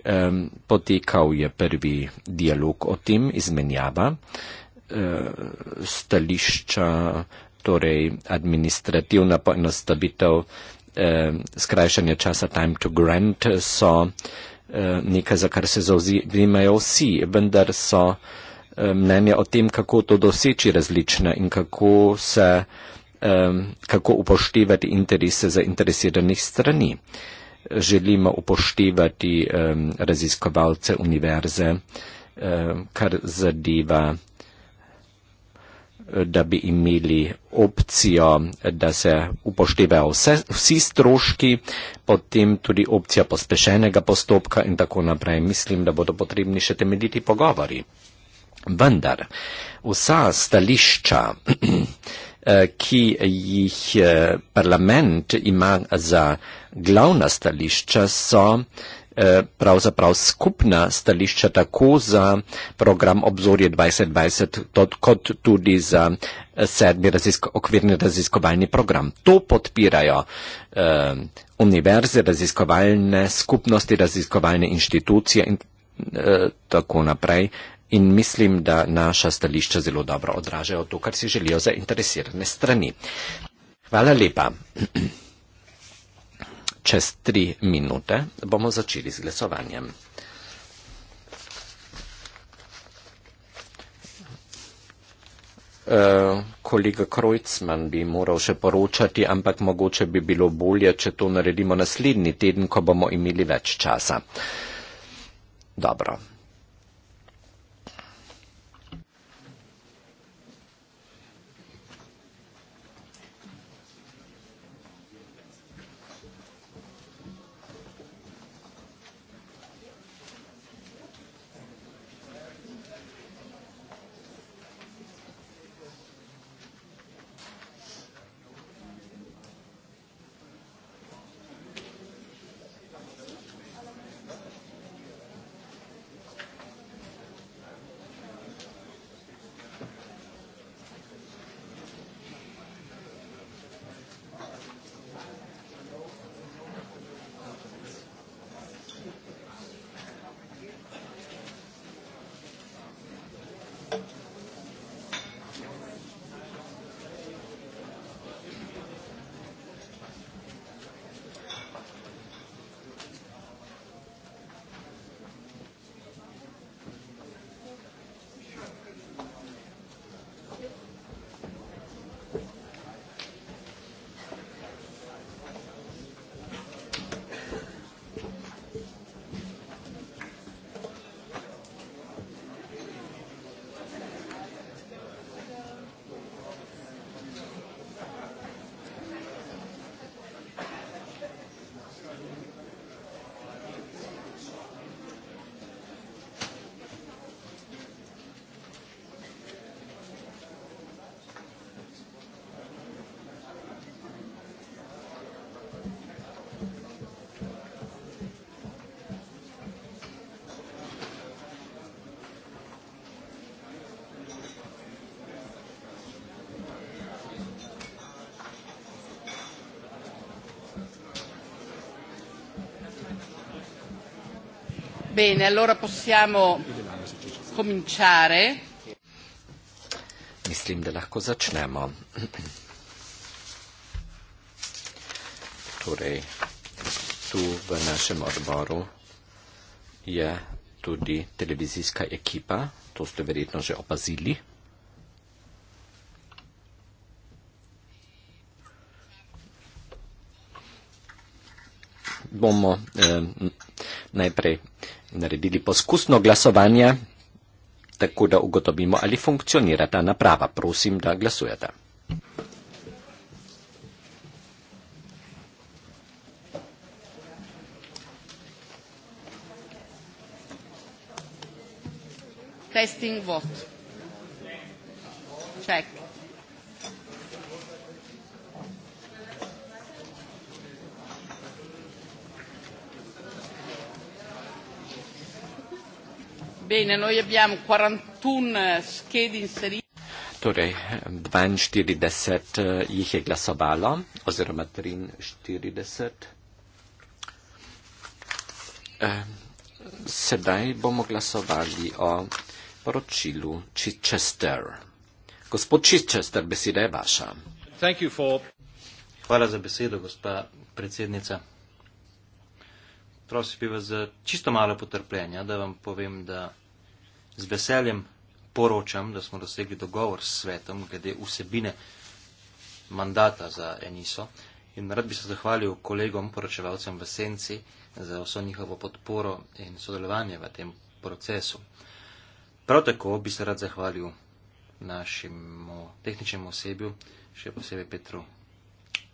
E, potekal je prvi dialog o tem, izmenjava. Eh, stališča, torej administrativna poenostavitev, eh, skrajšanje časa time to grant so eh, nekaj, za kar se zauzimajo vsi, vendar so mnenje o tem, kako to doseči različne in kako, se, kako upoštevati interese zainteresiranih strani. Želimo upoštevati raziskovalce univerze, kar zadeva da bi imeli opcijo, da se upoštevajo vsi stroški, potem tudi opcija pospešenega postopka in tako naprej. Mislim, da bodo potrebni še temeljiti pogovori. Vendar, vsa stališča, eh, ki jih eh, parlament ima za glavna stališča, so Eh, pravzaprav skupna stališča tako za program obzorje 2020 tot, kot tudi za eh, sedmi razisko, okvirni raziskovalni program. To podpirajo eh, univerze, raziskovalne skupnosti, raziskovalne inštitucije in eh, tako naprej. In mislim, da naša stališča zelo dobro odražajo to, kar si želijo zainteresirane strani. Hvala lepa. čez tri minute bomo začeli z glasovanjem. Uh, kolega Krojcman bi moral še poročati, ampak mogoče bi bilo bolje, če to naredimo naslednji teden, ko bomo imeli več časa. Dobro, Bene, allora possiamo cominciare. Mislim, da lahko začnemo. Torej, tu v našem odboru je tudi televizijska ekipa, to ste verjetno že opazili. Bomo eh, najprej naredili poskusno glasovanje, tako da ugotovimo, ali funkcionira ta naprava. Prosim, da glasujete. Testing vote. Bene, noi abbiamo 41 schede inserite. Torej, 42 eh, jih je glasovalo, oziroma 43. Eh, sedaj bomo glasovali o poročilu Chichester. Gospod Chichester, beseda je vaša. For... Hvala za besedo, gospa predsednica. Prosim bi vas za čisto malo potrpljenja, da vam povem, da Z veseljem poročam, da smo dosegli dogovor s svetom glede vsebine mandata za Eniso in rad bi se zahvalil kolegom poročevalcem v Senci za vso njihovo podporo in sodelovanje v tem procesu. Prav tako bi se rad zahvalil našemu tehničnemu osebju, še posebej Petru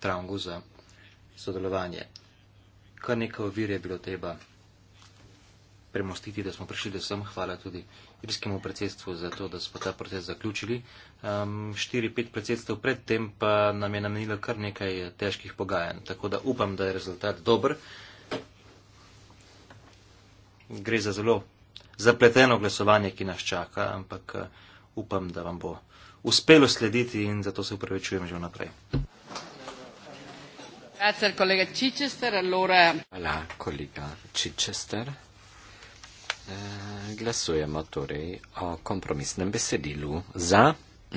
Traungu za sodelovanje. Kar nekaj ovir je bilo treba premostiti, da smo prišli do sem. Hvala tudi irskemu predsedstvu za to, da smo ta proces zaključili. Um, 4-5 predsedstv predtem pa nam je namenilo kar nekaj eh, težkih pogajanj, tako da upam, da je rezultat dober. Gre za zelo zapleteno glasovanje, ki nas čaka, ampak eh, upam, da vam bo uspelo slediti in zato se upravičujem že vnaprej. Grazie al collega Chichester, allora. Hola, collega Chichester. Eh, glasujemo torej o kompromisnem besedilu za,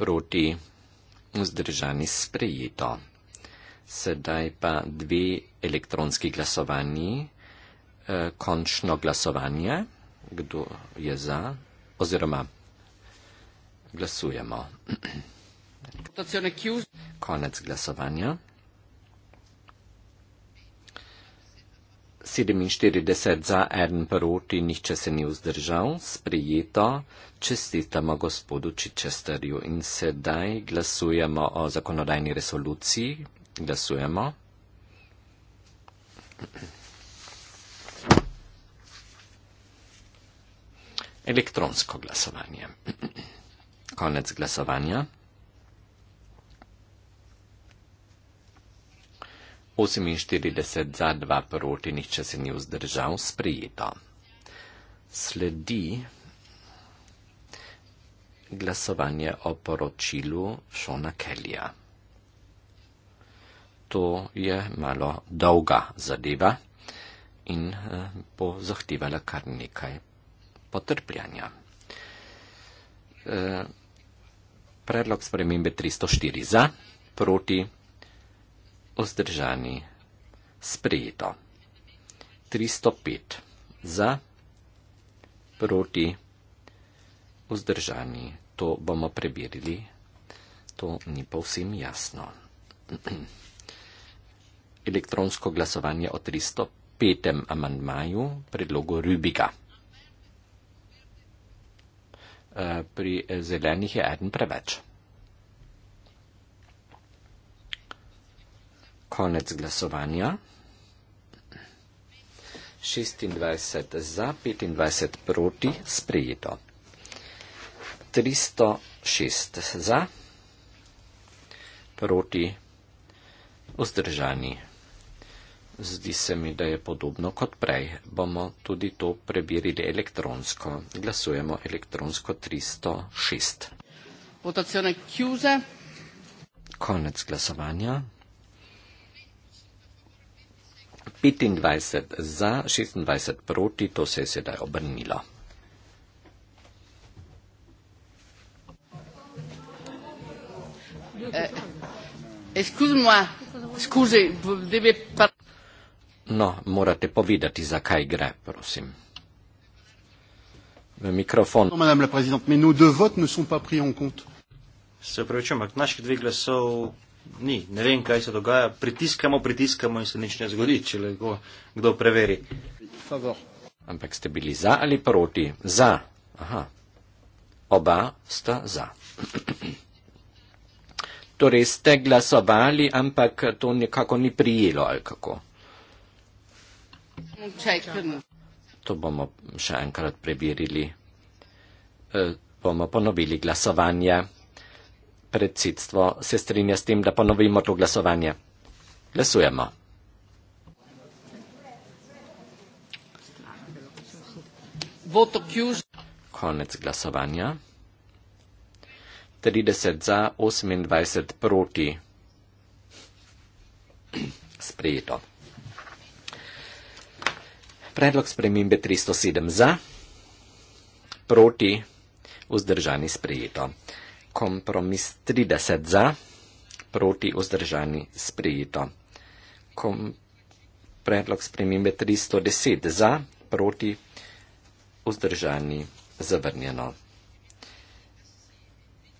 proti, vzdržani sprejeto. Sedaj pa dve elektronski glasovanji, eh, končno glasovanje, kdo je za, oziroma glasujemo. Konec glasovanja. 47 za, en proti, nihče se ni vzdržal, sprijeto, čestitamo gospodu Čičestarju in sedaj glasujemo o zakonodajni resoluciji. Glasujemo. Elektronsko glasovanje. Konec glasovanja. 48 za 2 proti, nihče se ni vzdržal, sprejeto. Sledi glasovanje o poročilu Šona Kelija. To je malo dolga zadeva in eh, bo zahtevala kar nekaj potrpljanja. Eh, predlog spremembe 304 za, proti Ozdržani. Sprejeto. 305. Za. Proti. Ozdržani. To bomo preverili. To ni povsem jasno. Elektronsko glasovanje o 305. amandmaju predlogu Rubika. Eh, pri eh, zelenih je eden preveč. konec glasovanja. 26 za, 25 proti, sprejeto. 306 za, proti, vzdržani. Zdi se mi, da je podobno kot prej. Bomo tudi to prebirili elektronsko. Glasujemo elektronsko 306. Votazione chiusa. Konec glasovanja. 25 za, 26 proti, to se je sedaj obrnilo. Eh, no, morate povedati, zakaj gre, prosim. V mikrofon. Se pravi, ampak naših dveh glasov ni, ne vem, kaj se dogaja. Pritiskamo, pritiskamo in se nič ne zgodi, če le kdo preveri. Ampak ste bili za ali proti? Za. Aha. Oba sta za. Torej ste glasovali, ampak to nekako ni prijelo, ali kako? To bomo še enkrat preverili. E, bomo ponovili glasovanje predsedstvo se strinja s tem, da ponovimo to glasovanje. Glasujemo. Konec glasovanja. 30 za, 28 proti. Sprejeto. Predlog spremembe 307 za, proti, vzdržani sprejeto kompromis 30 za, proti vzdržani sprejeto. Kom predlog spremembe 310 za, proti vzdržani zavrnjeno.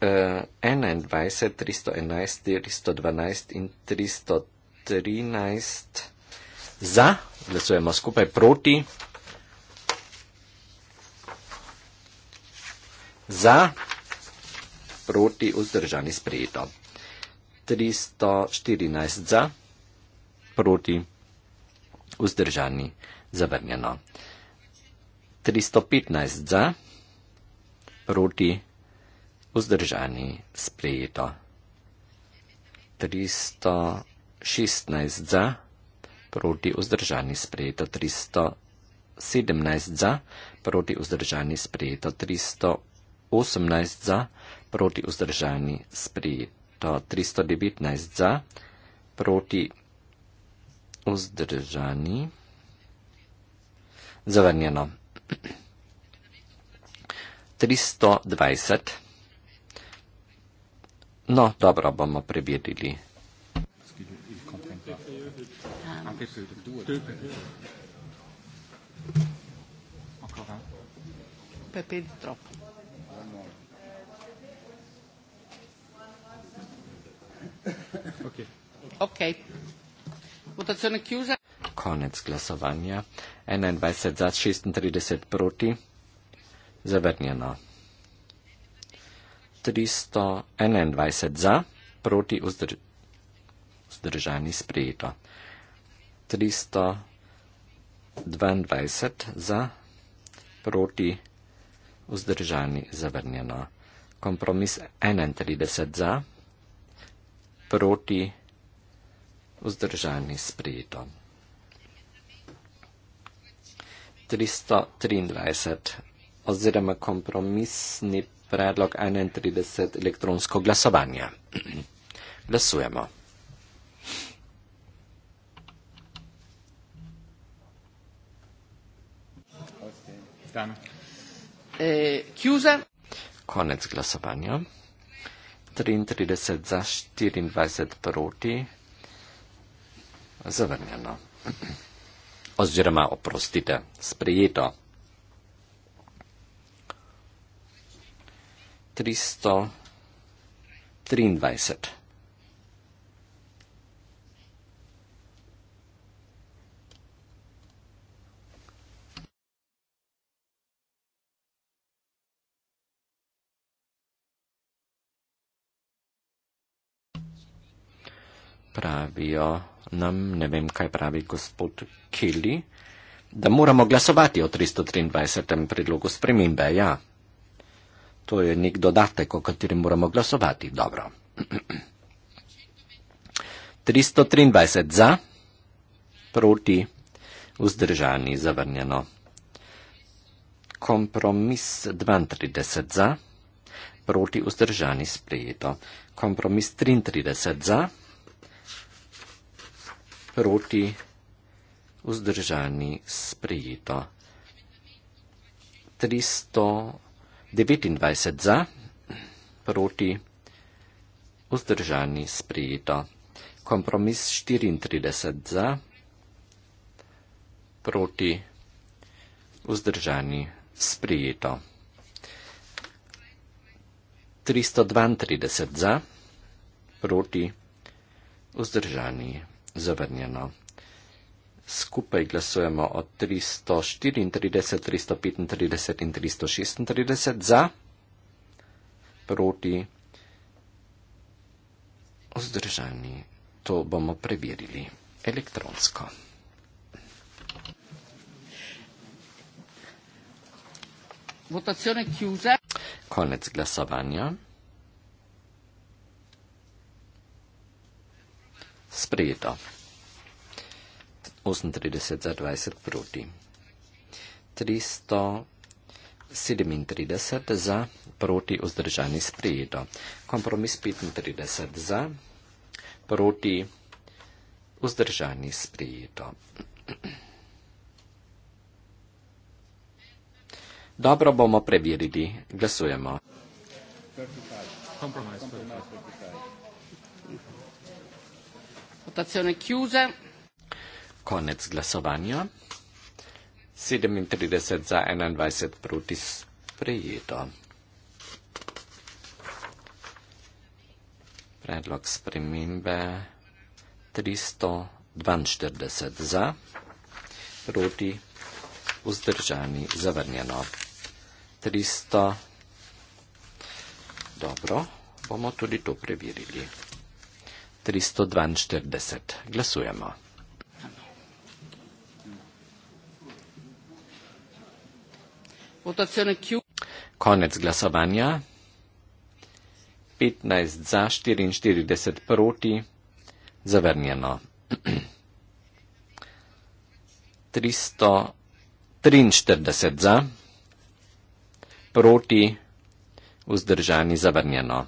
E, 21, 311, 312 in 313 za, glasujemo skupaj proti. Za proti vzdržani sprejeto. 314 za, proti vzdržani zavrnjeno. 315 za, proti vzdržani sprejeto. 316 za, proti vzdržani sprejeto. 317 za, proti vzdržani sprejeto. 318 za, proti vzdržani sprejeto proti vzdržani sprijeto 319 za, proti vzdržani zavrnjeno 320. No, dobro bomo prebirili. Pepe di troppo. Okay. Okay. Konec glasovanja. 21 za 36 proti. Zavrnjeno. 321 za proti vzdržani sprejeto. 322 za proti vzdržani zavrnjeno. Kompromis 31 za proti vzdržani sprejetom. 323 oziroma kompromisni predlog 31 elektronsko glasovanje. Glasujemo. Eh, Konec glasovanja. 33 za 24 proti, zavrnjeno. Oziroma, oprostite, sprejeto. 323. pravijo nam, ne vem, kaj pravi gospod Kelly, da moramo glasovati o 323. predlogu spremembe. Ja, to je nek dodatek, o katerem moramo glasovati. Dobro. 323 za, proti, vzdržani, zavrnjeno. Kompromis 32 za, proti, vzdržani, sprejeto. Kompromis 33 za proti vzdržani sprejeto. 329 za, proti vzdržani sprejeto. Kompromis 34 za, proti vzdržani sprejeto. 332 za, proti vzdržani sprejeto zavrnjeno. Skupaj glasujemo o 334, 335 in 336 za, proti, ozdržani. To bomo preverili elektronsko. Konec glasovanja. sprejeto. 38 za 20 proti. 337 za proti vzdržani sprejeto. Kompromis 35 za proti vzdržani sprejeto. Dobro bomo preverili. Glasujemo. 35. Kompromis 35 votazione chiusa. Konec glasovanja. 37 za 21 proti sprejeto. Predlog spremembe 342 za proti vzdržani zavrnjeno. 300. Dobro, bomo tudi to preverili. 342. Glasujemo. Konec glasovanja. 15 za, 44 proti. Zavrnjeno. 343 za, proti, vzdržani, zavrnjeno.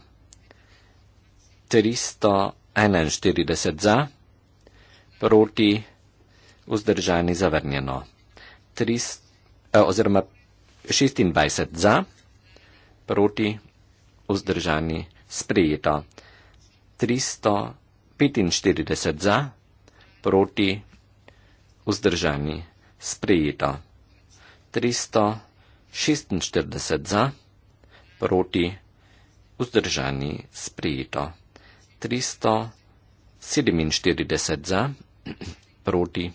300. 41 za, proti, vzdržani, zavrnjeno. 3, eh, oziroma 26 za, proti, vzdržani, sprejeto. 345 za, proti, vzdržani, sprejeto. 346 za, proti, vzdržani, sprejeto. 347 za, proti,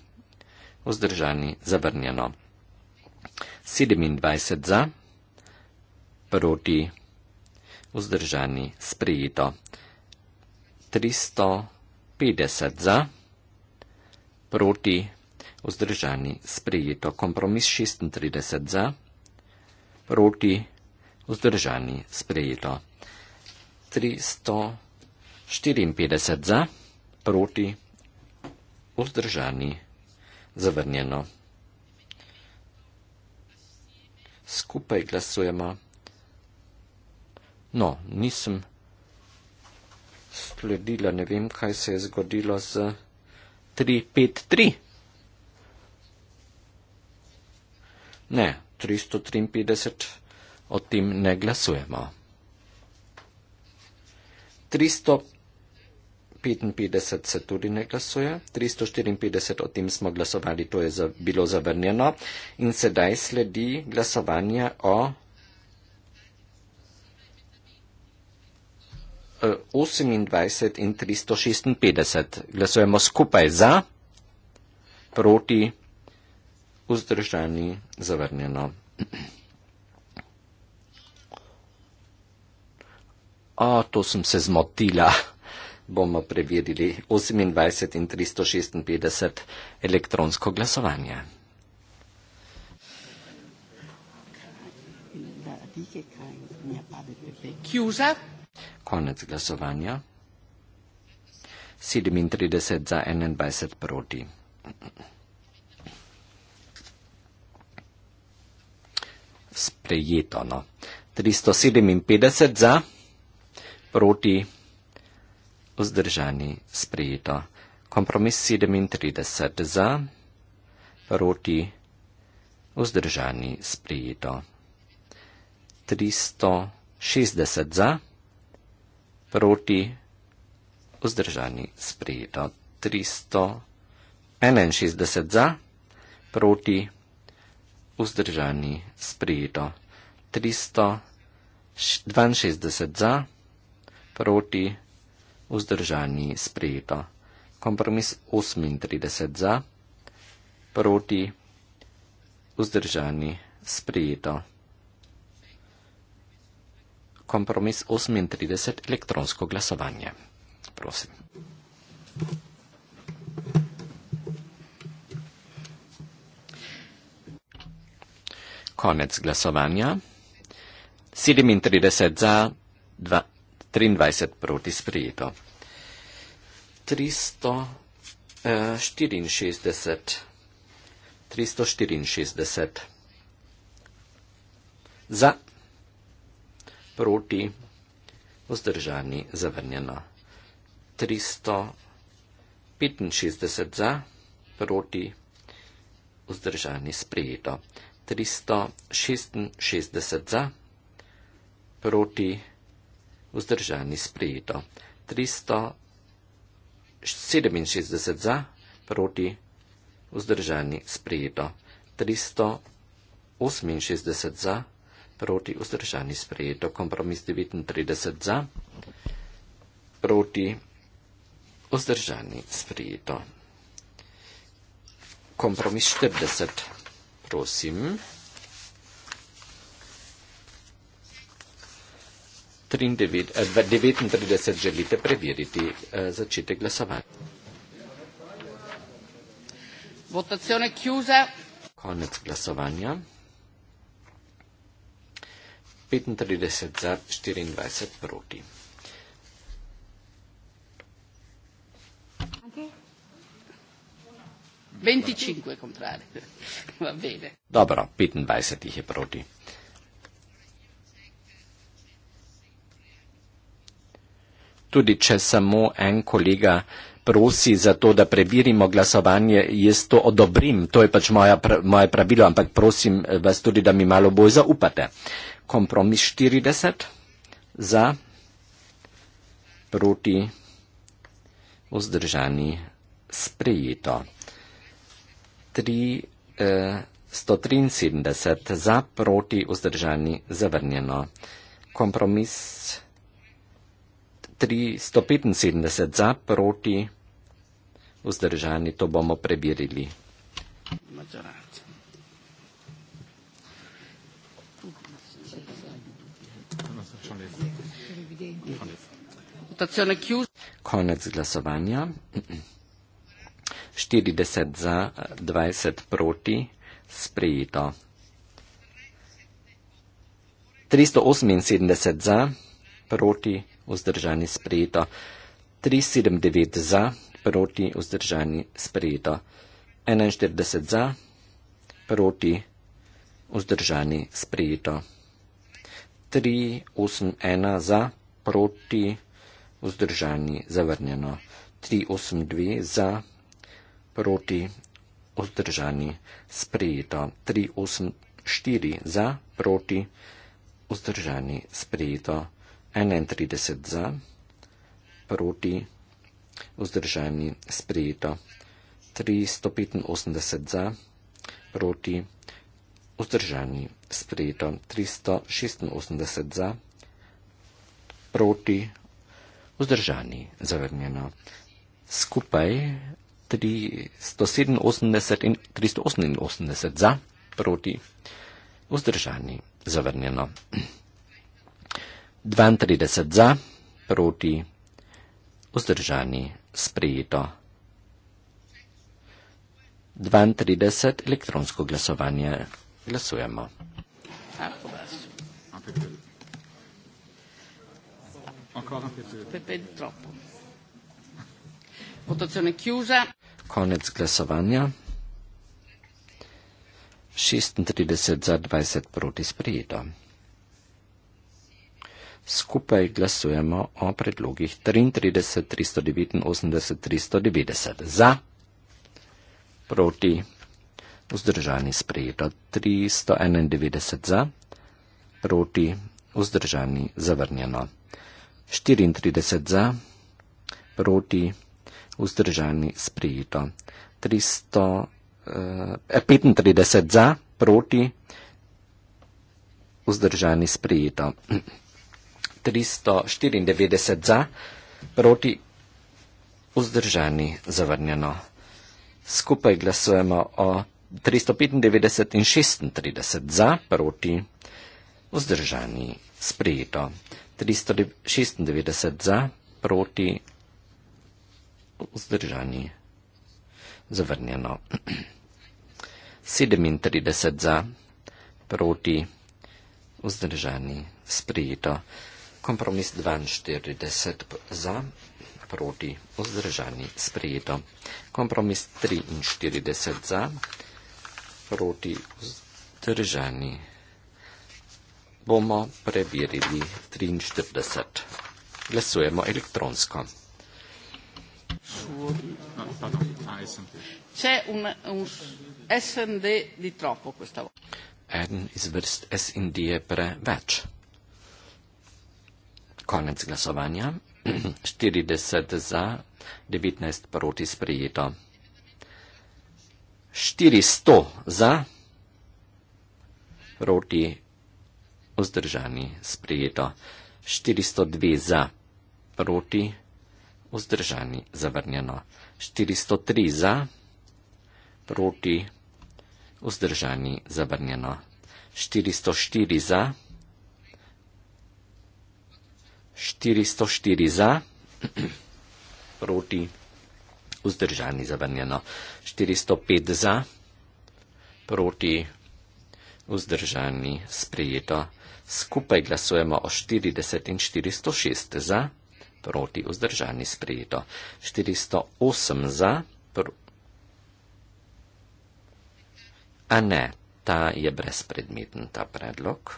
vzdržani, zavrnjeno. 27 za, proti, vzdržani, sprijeto. 350 za, proti, vzdržani, sprijeto. Kompromis 36 za, proti, vzdržani, sprijeto. 350 54 za, proti, vzdržani, zavrnjeno. Skupaj glasujemo. No, nisem sledila, ne vem, kaj se je zgodilo z 353. Ne, 353 o tem ne glasujemo. 350. 55 se tudi ne glasuje, 354 o tem smo glasovali, to je za, bilo zavrnjeno in sedaj sledi glasovanje o 28 e, in 356. Glasujemo skupaj za, proti, vzdržani, zavrnjeno. A, to sem se zmotila bomo preverili 28 in 356 elektronsko glasovanje. Kjuza. Konec glasovanja. 37 za 21 proti. Sprejeto. No. 357 za proti vzdržani, sprejeto. Kompromis 37 za, proti, vzdržani, sprejeto. 360 za, proti, vzdržani, sprejeto. 361 za, proti, vzdržani, sprejeto. 362 za, proti, vzdržani, sprejeto vzdržani sprejeto. Kompromis 38 za, proti, vzdržani sprejeto. Kompromis 38 elektronsko glasovanje. Prosim. Konec glasovanja. 37 za, 2 23 proti sprejeto. 364. 364. Eh, za, proti, vzdržani, zavrnjeno. 365 za, proti, vzdržani, sprejeto. 366 za, proti, vzdržani vzdržani sprejeto. 367 za, proti vzdržani sprejeto. 368 za, proti vzdržani sprejeto. Kompromis 39 za, proti vzdržani sprejeto. Kompromis 40, prosim. 39 eh, želite preveriti eh, začetek glasovanja. Konec glasovanja. 35 za 24 proti. Okay. 25 kontrari. Dobro, 25 jih je proti. tudi če samo en kolega prosi za to, da preverimo glasovanje, jaz to odobrim, to je pač moja, moje pravilo, ampak prosim eh, vas tudi, da mi malo bolj zaupate. Kompromis 40 za, proti, vzdržani, sprejeto. 3, eh, 173 za, proti, vzdržani, zavrnjeno. Kompromis 375 za, proti, vzdržani, to bomo preverili. Konec glasovanja. 40 za, 20 proti, sprejeto. 378 za, proti vzdržani sprejeto, 379 za, proti vzdržani sprejeto, 41 za, proti vzdržani sprejeto, 381 za, proti vzdržani zavrnjeno, 382 za, proti vzdržani sprejeto, 384 za, proti vzdržani sprejeto. 31 za, proti, vzdržani, sprejeto. 385 za, proti, vzdržani, sprejeto. 386 za, proti, vzdržani, zavrnjeno. Skupaj 387 in 388 za, proti, vzdržani, zavrnjeno. 32 za, proti, vzdržani, sprejeto. 32 elektronsko glasovanje. Glasujemo. Konec glasovanja. 36 za 20 proti sprejeto. Skupaj glasujemo o predlogih 33, 389, 390. Za, proti, vzdržani sprejeto 391 za, proti, vzdržani zavrnjeno 34 za, proti, vzdržani sprejeto 300, eh, 35 eh, za, proti, vzdržani sprejeto. 394 za, proti vzdržani zavrnjeno. Skupaj glasujemo o 395 in 36 za, proti vzdržani sprejeto. 396 za, proti vzdržani zavrnjeno. 37 za, proti vzdržani sprejeto. Kompromis 42 za, proti vzdržani sprejeto. Kompromis 43 za, proti vzdržani. Bomo preverili 43. Glasujemo elektronsko. C'è un, un SND di troppo questa volta. En izvrst SND je preveč. Konec glasovanja. 40 za, 19 proti sprejeto. 400 za, proti vzdržani sprejeto. 402 za, proti vzdržani zavrnjeno. 403 za, proti vzdržani zavrnjeno. 404 za, proti vzdržani zavrnjeno. 404 za, proti, vzdržani zavrnjeno. 405 za, proti, vzdržani sprejeto. Skupaj glasujemo o 40 in 406 za, proti, vzdržani sprejeto. 408 za, a ne, ta je brezpredmeten, ta predlog.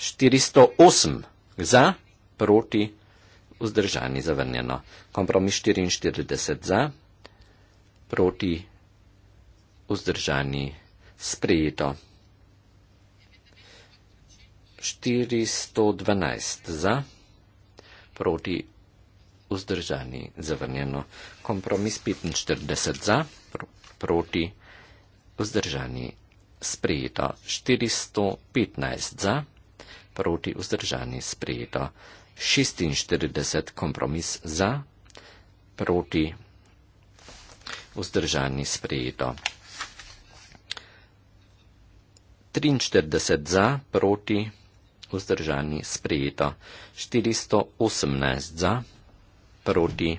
408 za, proti, vzdržani, zavrnjeno. Kompromis 44 za, proti, vzdržani, sprejeto. 412 za, proti, vzdržani, zavrnjeno. Kompromis 45 za, proti, vzdržani, sprejeto. 415 za, proti vzdržani sprejeto 46 kompromis za proti vzdržani sprejeto 43 za proti vzdržani sprejeto 418 za proti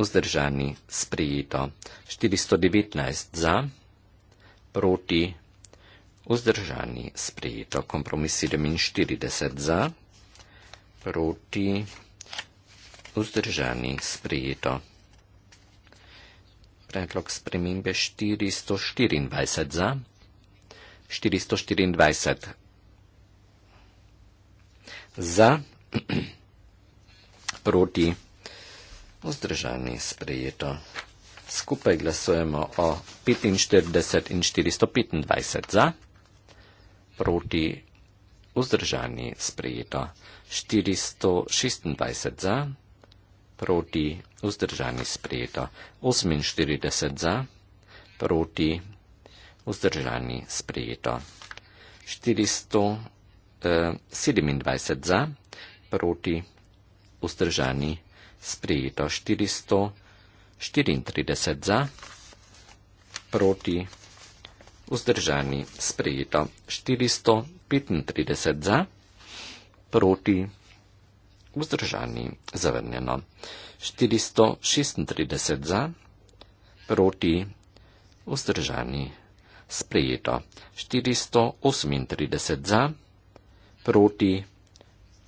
vzdržani sprejeto 419 za proti vzdržani, sprejeto kompromis 47 za, proti, vzdržani, sprejeto. Predlog spremembe 424 za, 424 za, proti, vzdržani, sprejeto. Skupaj glasujemo o 45 in 425 za proti vzdržani sprejeto. 426 za, proti vzdržani sprejeto. 48 za, proti vzdržani sprejeto. 427 eh, za, proti vzdržani sprejeto. 434 za, proti vzdržani sprejeto vzdržani, sprejeto 435 za, proti vzdržani, zavrnjeno 436 za, proti vzdržani, sprejeto 438 za, proti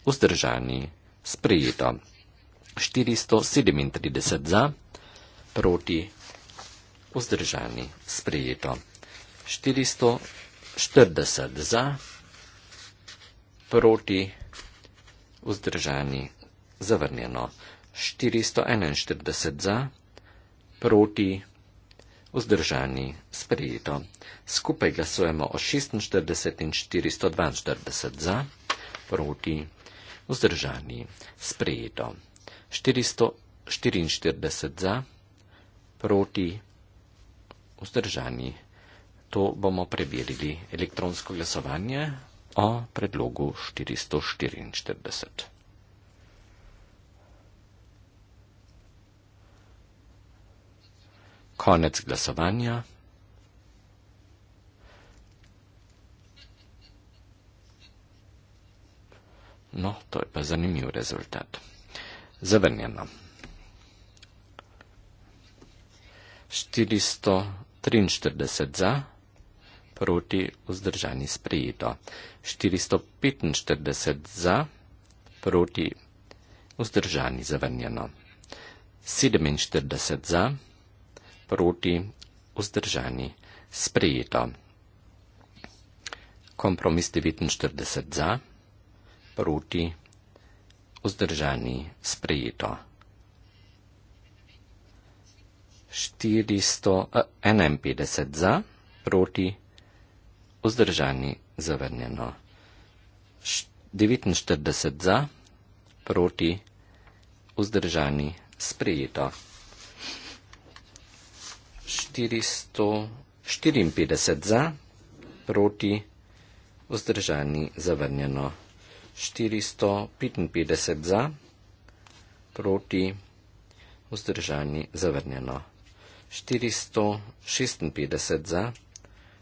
vzdržani, sprejeto 437 za, proti vzdržani, sprejeto 435 za. 440 za, proti, vzdržani, zavrnjeno. 441 za, proti, vzdržani, sprejeto. Skupaj glasujemo o 46 in 442 za, proti, vzdržani, sprejeto. 444 za, proti, vzdržani, sprejeto to bomo preverili elektronsko glasovanje o predlogu 444. Konec glasovanja. No, to je pa zanimiv rezultat. Zavrnjeno. 443 za, proti vzdržani sprejeto. 445 za, proti vzdržani zavrnjeno. 47 za, proti vzdržani sprejeto. Kompromis 49 za, proti vzdržani sprejeto. 451 eh, za, proti vzdržani sprejeto vzdržani, zavrnjeno. 49 za, proti, vzdržani, sprejeto. 454 za, proti, vzdržani, zavrnjeno. 455 za, proti, vzdržani, zavrnjeno. 456 za, proti, vzdržani, zavrnjeno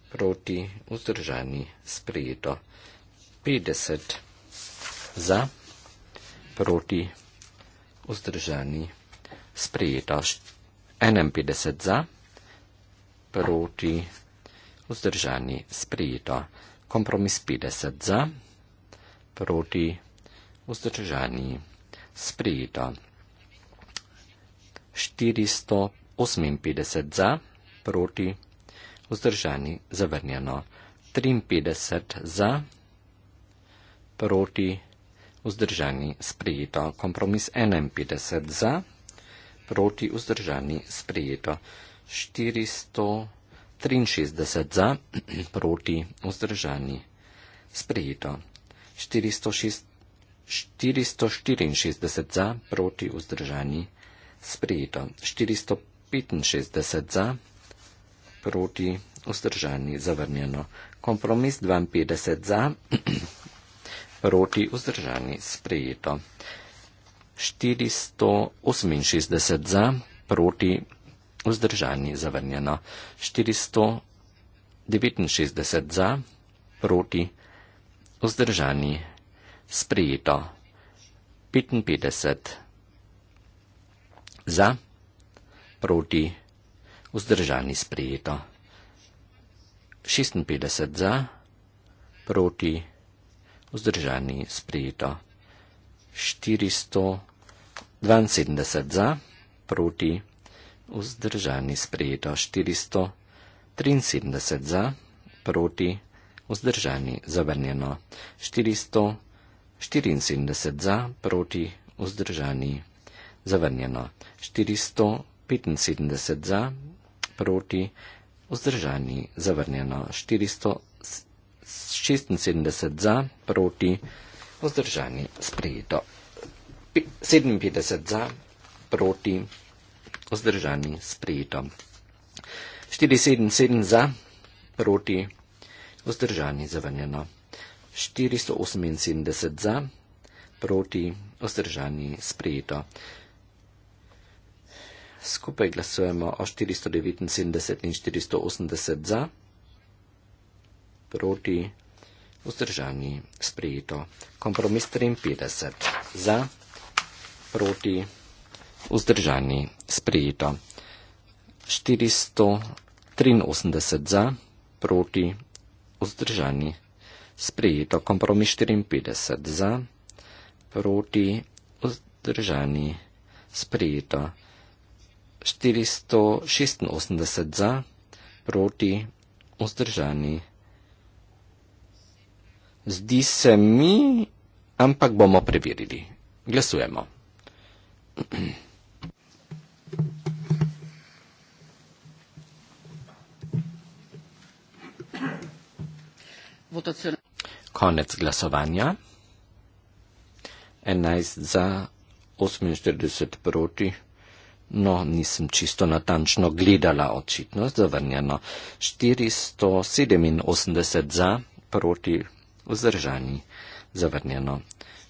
proti, vzdržani, sprejeto. 50 za, proti, vzdržani, sprejeto. 51 za, proti, vzdržani, sprejeto. Kompromis 50 za, proti, vzdržani, sprejeto. 458 za, proti, vzdržani, sprejeto vzdržani, zavrnjeno 53 za, proti vzdržani, sprejeto kompromis 51 za, proti vzdržani, sprejeto 463 za, proti vzdržani, sprejeto 464 za, proti vzdržani, sprejeto 465 za, proti vzdržani zavrnjeno. Kompromis 52 za, proti vzdržani sprejeto. 468 za, proti vzdržani zavrnjeno. 469 za, proti vzdržani sprejeto. 55 za, proti vzdržani vzdržani sprejeto. 56 za, proti, vzdržani sprejeto. 472 za, proti, vzdržani sprejeto. 473 za, proti, vzdržani zavrnjeno. 474 za, proti, vzdržani zavrnjeno. 475 za, proti, vzdržani zavrnjeno. 475 za, proti, vzdržani, zavrnjeno 476 za, proti, vzdržani, sprejeto 57 za, proti, vzdržani, sprejeto 477 za, proti, vzdržani, zavrnjeno 478 za, proti, vzdržani, sprejeto skupaj glasujemo o 479 in 480 za, proti, vzdržani, sprejeto. Kompromis 53 za, proti, vzdržani, sprejeto. 483 za, proti, vzdržani, sprejeto. Kompromis 54 za, proti, vzdržani, sprejeto. 486 za, proti, vzdržani. Zdi se mi, ampak bomo preverili. Glasujemo. Konec glasovanja. 11 za, 48 proti. No, nisem čisto natančno gledala, očitno zavrnjeno. 487 za, proti vzdržani, zavrnjeno.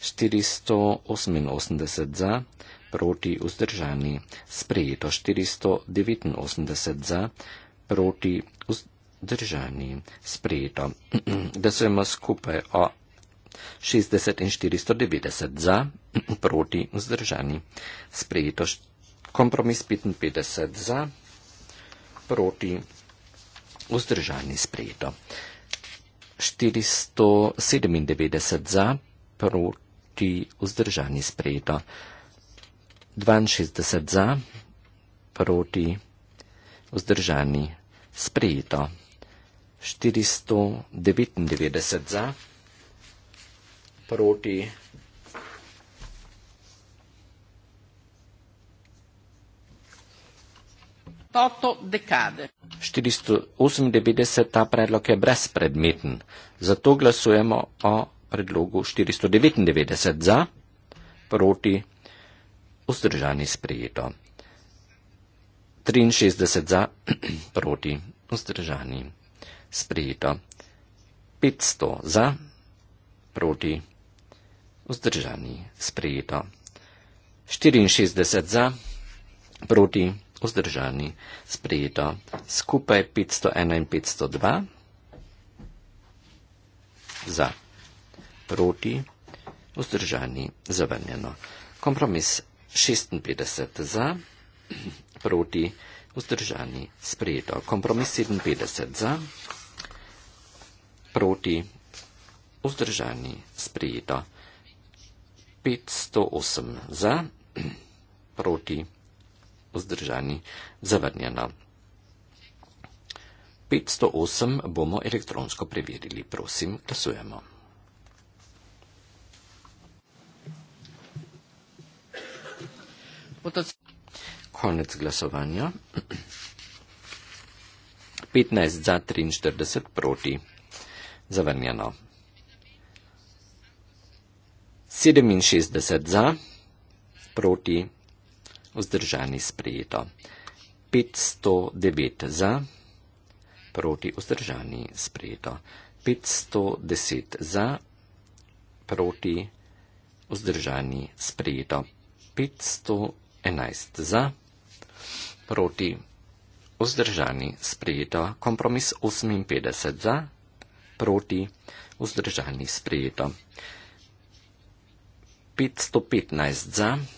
488 za, proti vzdržani, sprejeto. 489 za, proti vzdržani, sprejeto. Glasujemo skupaj o 60 in 490 za, proti vzdržani, sprejeto. Kompromis 55 za, proti, vzdržani sprejeto. 497 za, proti, vzdržani sprejeto. 62 za, proti, vzdržani sprejeto. 499 za, proti, vzdržani sprejeto. 498 ta predlog je brezpredmeten, zato glasujemo o predlogu 499 za, proti, vzdržani sprejeto. 63 za, proti, vzdržani sprejeto. 500 za, proti, vzdržani sprejeto. 64 za, proti, vzdržani sprejeto vzdržani, sprejeto skupaj 501 in 502, za, proti, vzdržani, zavrnjeno. Kompromis 56 za, proti, vzdržani, sprejeto. Kompromis 57 za, proti, vzdržani, sprejeto. 508 za, proti, vzdržani vzdržani, zavrnjena. 508 bomo elektronsko preverili. Prosim, glasujemo. Konec glasovanja. 15 za 43 proti. Zavrnjeno. 67 za proti vzdržani sprejeto. 509 za, proti vzdržani sprejeto. 510 za, proti vzdržani sprejeto. 511 za, proti vzdržani sprejeto. Kompromis 58 za, proti vzdržani sprejeto. 515 za, proti vzdržani sprejeto.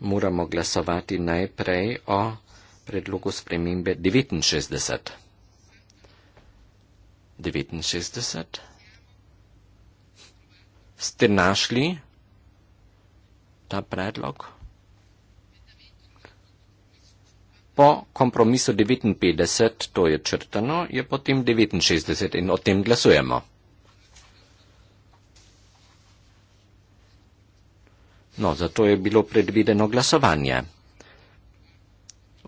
moramo glasovati najprej o predlogu spremembe 69. 69. Ste našli ta predlog? Po kompromisu 59, to je črtano, je potem 69 in o tem glasujemo. No, zato je bilo predvideno glasovanje.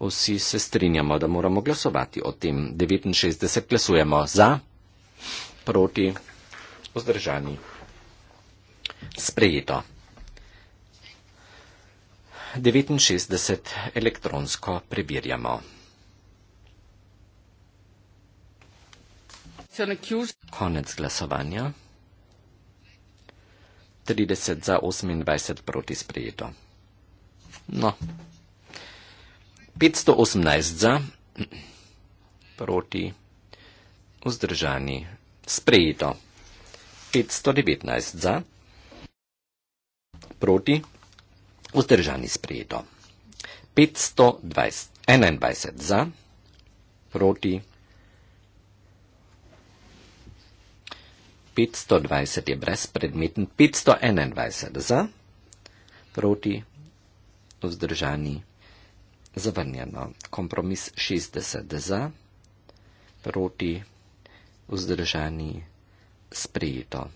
Vsi se strinjamo, da moramo glasovati o tem. 69 glasujemo za, proti, vzdržani. Sprejeto. 69 elektronsko preverjamo. Konec glasovanja. 30 za 28 proti sprejeto. No, 518 za proti vzdržani sprejeto. 519 za proti vzdržani sprejeto. 521 za proti vzdržani sprejeto. 520 je brezpredmeten, 521 za, proti, vzdržani, zavrnjeno. Kompromis 60 za, proti, vzdržani, sprejeto.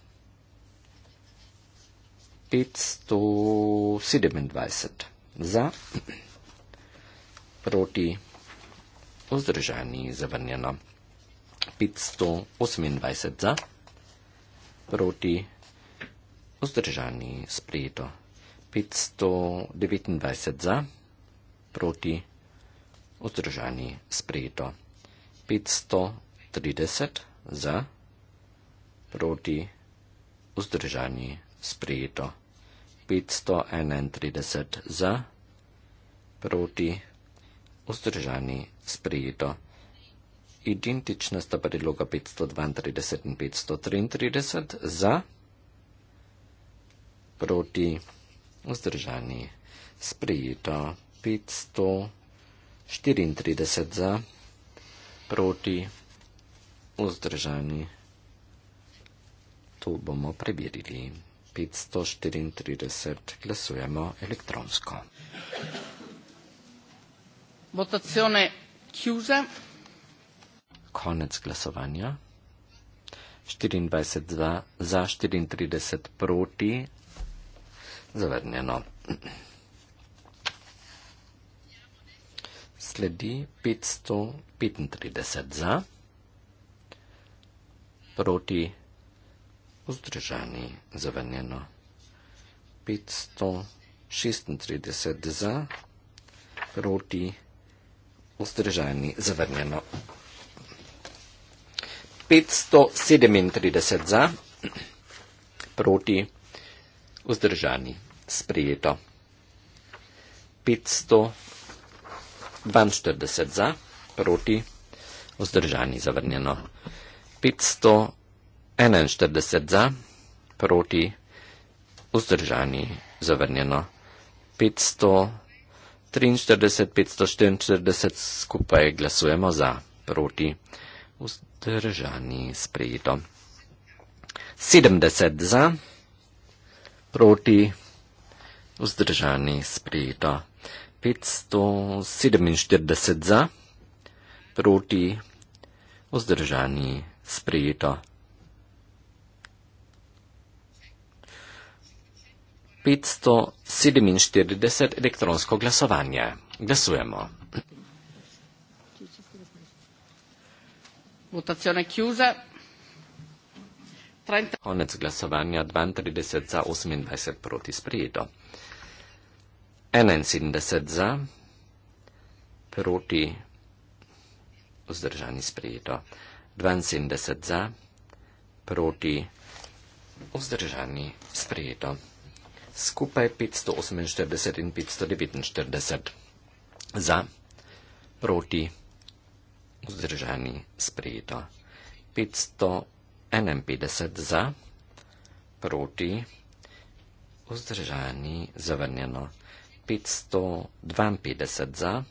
527 za, proti, vzdržani, zavrnjeno. 528 za proti vzdržani sprejeto. 529 za proti vzdržani sprejeto. 530 za proti vzdržani sprejeto. 531 za proti vzdržani sprejeto identična sta predloga 532 in 533 za, proti, vzdržani, sprejeto 534 za, proti, vzdržani. To bomo preverili. 534 glasujemo elektronsko. Votazione chiusa konec glasovanja. 24 za, za 34 proti, zavrnjeno. Sledi 535 za, proti vzdržani, zavrnjeno. 536 za, proti vzdržani, zavrnjeno. 537 za, proti, vzdržani, sprejeto. 542 za, proti, vzdržani, zavrnjeno. 541 za, proti, vzdržani, zavrnjeno. 543, 544 skupaj glasujemo za, proti, vzdržani. Držani sprejeto. 70 za, proti, vzdržani sprejeto. 547 za, proti, vzdržani sprejeto. 547 elektronsko glasovanje. Glasujemo. Votazione chiusa. 30... Konec glasovanja 32 za 28 proti sprejeto. 71 za proti vzdržani sprejeto. 72 za proti vzdržani sprejeto. Skupaj 548 in 549 za proti vzdržani sprejeto vzdržani, sprejeto. 551 za, proti, vzdržani, zavrnjeno. 552 za,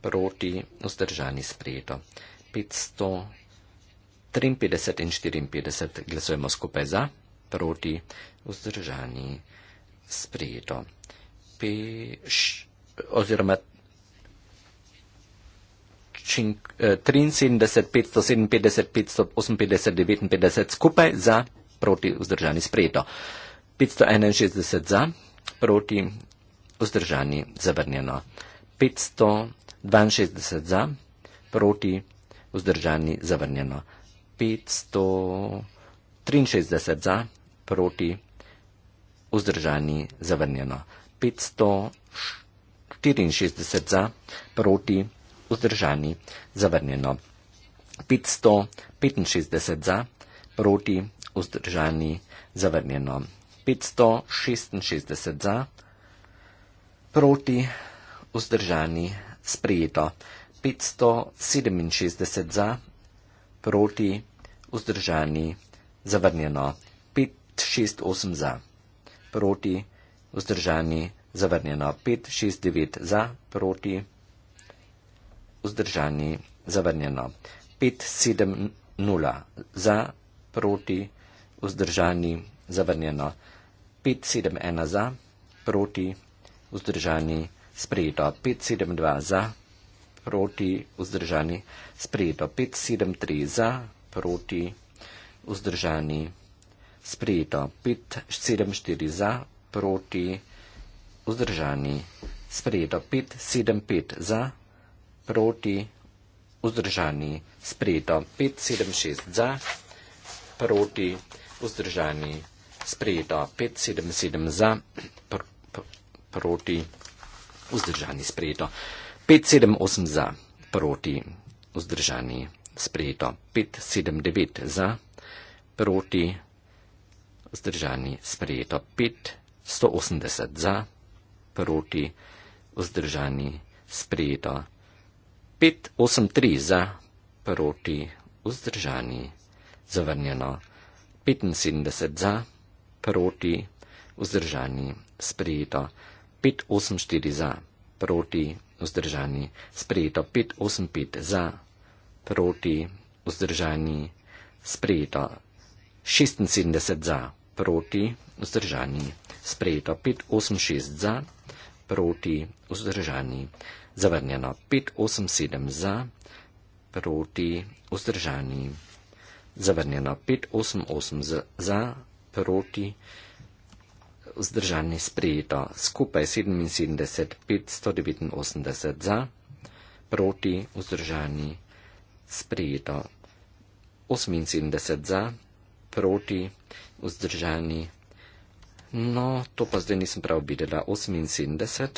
proti, vzdržani, sprejeto. 553 in 54 glasujemo skupaj za, proti, vzdržani, sprejeto. Peš, oziroma učink, eh, 73, 557, 558, 59 skupaj za, proti vzdržani sprejeto. 561 za, proti vzdržani zavrnjeno. 562 za, proti vzdržani zavrnjeno. 563 za, proti vzdržani zavrnjeno. 564 za, proti vzdržani zavrnjeno vzdržani, zavrnjeno. 565 za, proti, vzdržani, zavrnjeno. 566 za, proti, vzdržani, sprejeto. 567 za, proti, vzdržani, zavrnjeno. 568 za, proti, vzdržani, zavrnjeno. 569 za, proti, vzdržani vzdržani, zavrnjeno. 570 za, proti, vzdržani, zavrnjeno. 571 za, proti, vzdržani, sprejeto. 572 za, proti, vzdržani, sprejeto. 573 za, proti, vzdržani, sprejeto. 574 za, proti, vzdržani, sprejeto. 575 za, proti, vzdržani, sprejeto proti, vzdržani, sprejeto 576 za, proti, vzdržani, sprejeto 577 za, pr, pr, proti, vzdržani, sprejeto 578 za, proti, vzdržani, sprejeto 579 za, proti, vzdržani, sprejeto 580 za, proti, vzdržani, sprejeto 5-8-3 za proti vzdržani, zavrnjeno 75 za proti vzdržani, sprejeto 5-8-4 za proti vzdržani, sprejeto 5-8-5 za proti vzdržani, sprejeto 76 za proti vzdržani, sprejeto 5-8-6 za proti vzdržani, sprejeto 5-8-6 za proti vzdržani, zavrnjeno 587 za, proti vzdržani, zavrnjeno 588 za, proti vzdržani sprejeto, skupaj 77 589 za, proti vzdržani sprejeto, 78 za, proti vzdržani. No, to pa zdaj nisem prav videla, 78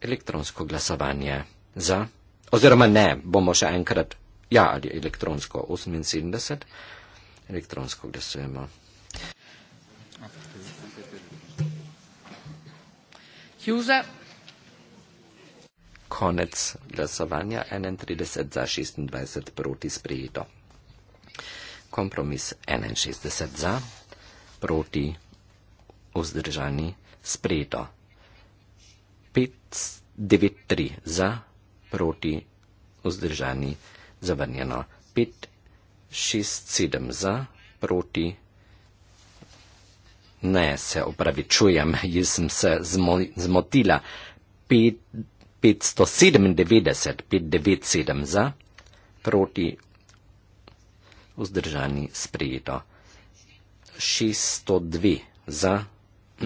elektronsko glasovanje. Za, oziroma ne, bomo še enkrat, ja, ali elektronsko 78, elektronsko glasujemo. Hjuze. Konec glasovanja 31 za 26 proti sprejeto. Kompromis 61 za proti vzdržani sprejeto. 593 za, proti, vzdržani, zavrnjeno. 567 za, proti. Ne, se opravičujem, jaz sem se zmotila. 597, 597 za, proti, vzdržani, sprejeto. 602 za,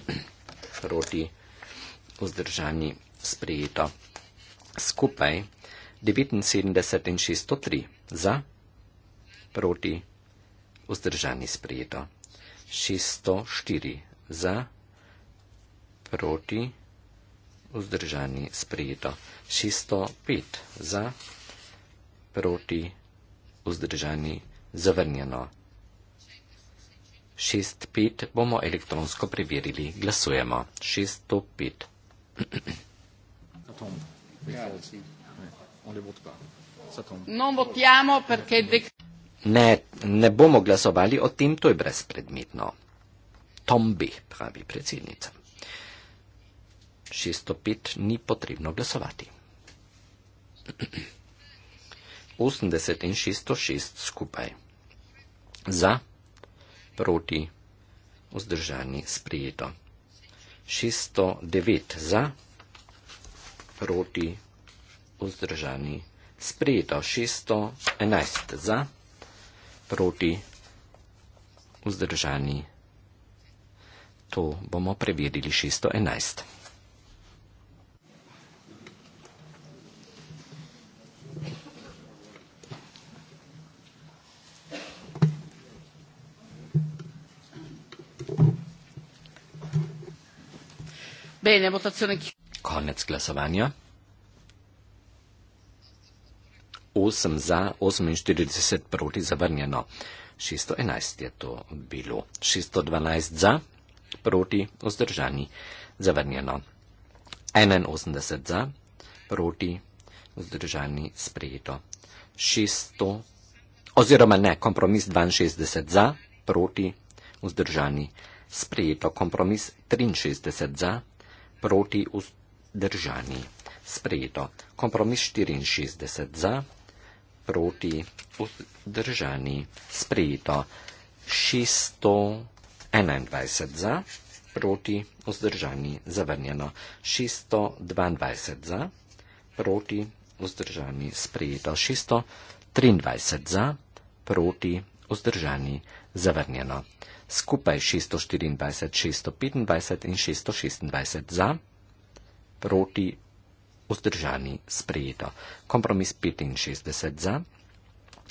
proti vzdržani sprejeto. Skupaj 79 in 603 za, proti, vzdržani sprejeto. 604 za, proti, vzdržani sprejeto. 605 za, proti, vzdržani zavrnjeno. 605 bomo elektronsko preverili. Glasujemo. 605. Ça tombe. Non votiamo perché... Ne, ne bomo glasovali o tim, to je brezpredmetno. Tombi, pravi predsednica. 605 ni potrebno glasovati. 80 in 606 skupaj. Za, proti, vzdržani, sprijeto. 609 za, proti vzdržani. Sprejeto 611 za, proti vzdržani. To bomo preverili 611. Bene, votazione chiusa. Konec glasovanja. 8 za, 48 proti zavrnjeno. 611 je to bilo. 612 za, proti vzdržani zavrnjeno. 81 za, proti vzdržani sprejeto. 600, oziroma ne, kompromis 62 za, proti vzdržani sprejeto. Kompromis 63 za, proti vzdržani. Sprejeto. Kompromis 64 za, proti vzdržani. Sprejeto. 621 za, proti vzdržani. Zavrnjeno. 622 za, proti vzdržani. Sprejeto. 623 za, proti vzdržani. Zavrnjeno skupaj 624, 625 in 626 za, proti, vzdržani, sprejeto. Kompromis 65 za,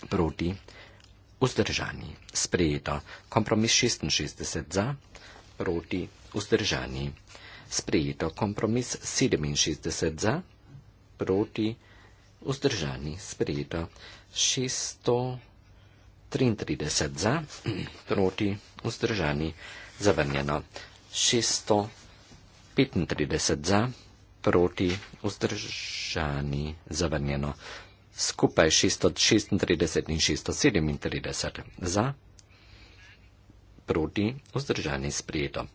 proti, vzdržani, sprejeto. Kompromis 66 za, proti, vzdržani, sprejeto. Kompromis 67 za, proti, vzdržani, sprejeto. 600. 33 za, proti, vzdržani, zavrnjeno. 635 za, proti, vzdržani, zavrnjeno. Skupaj 636 in 637 za, proti, vzdržani, sprijeto.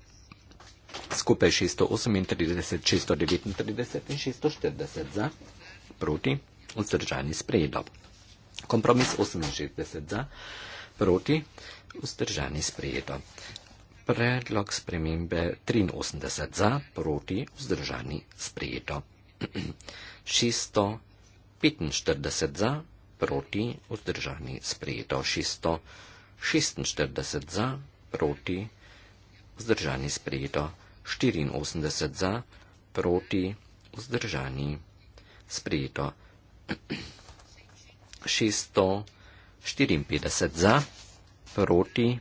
Skupaj 638, 639 in 640 za, proti, vzdržani, sprijeto. Kompromis 68 proti vzdržani sprejeto. Predlog spremembe 83 za proti vzdržani sprejeto. 645 za proti vzdržani sprejeto. 646 za proti vzdržani sprejeto. 84 za proti vzdržani sprejeto. 654 za, proti,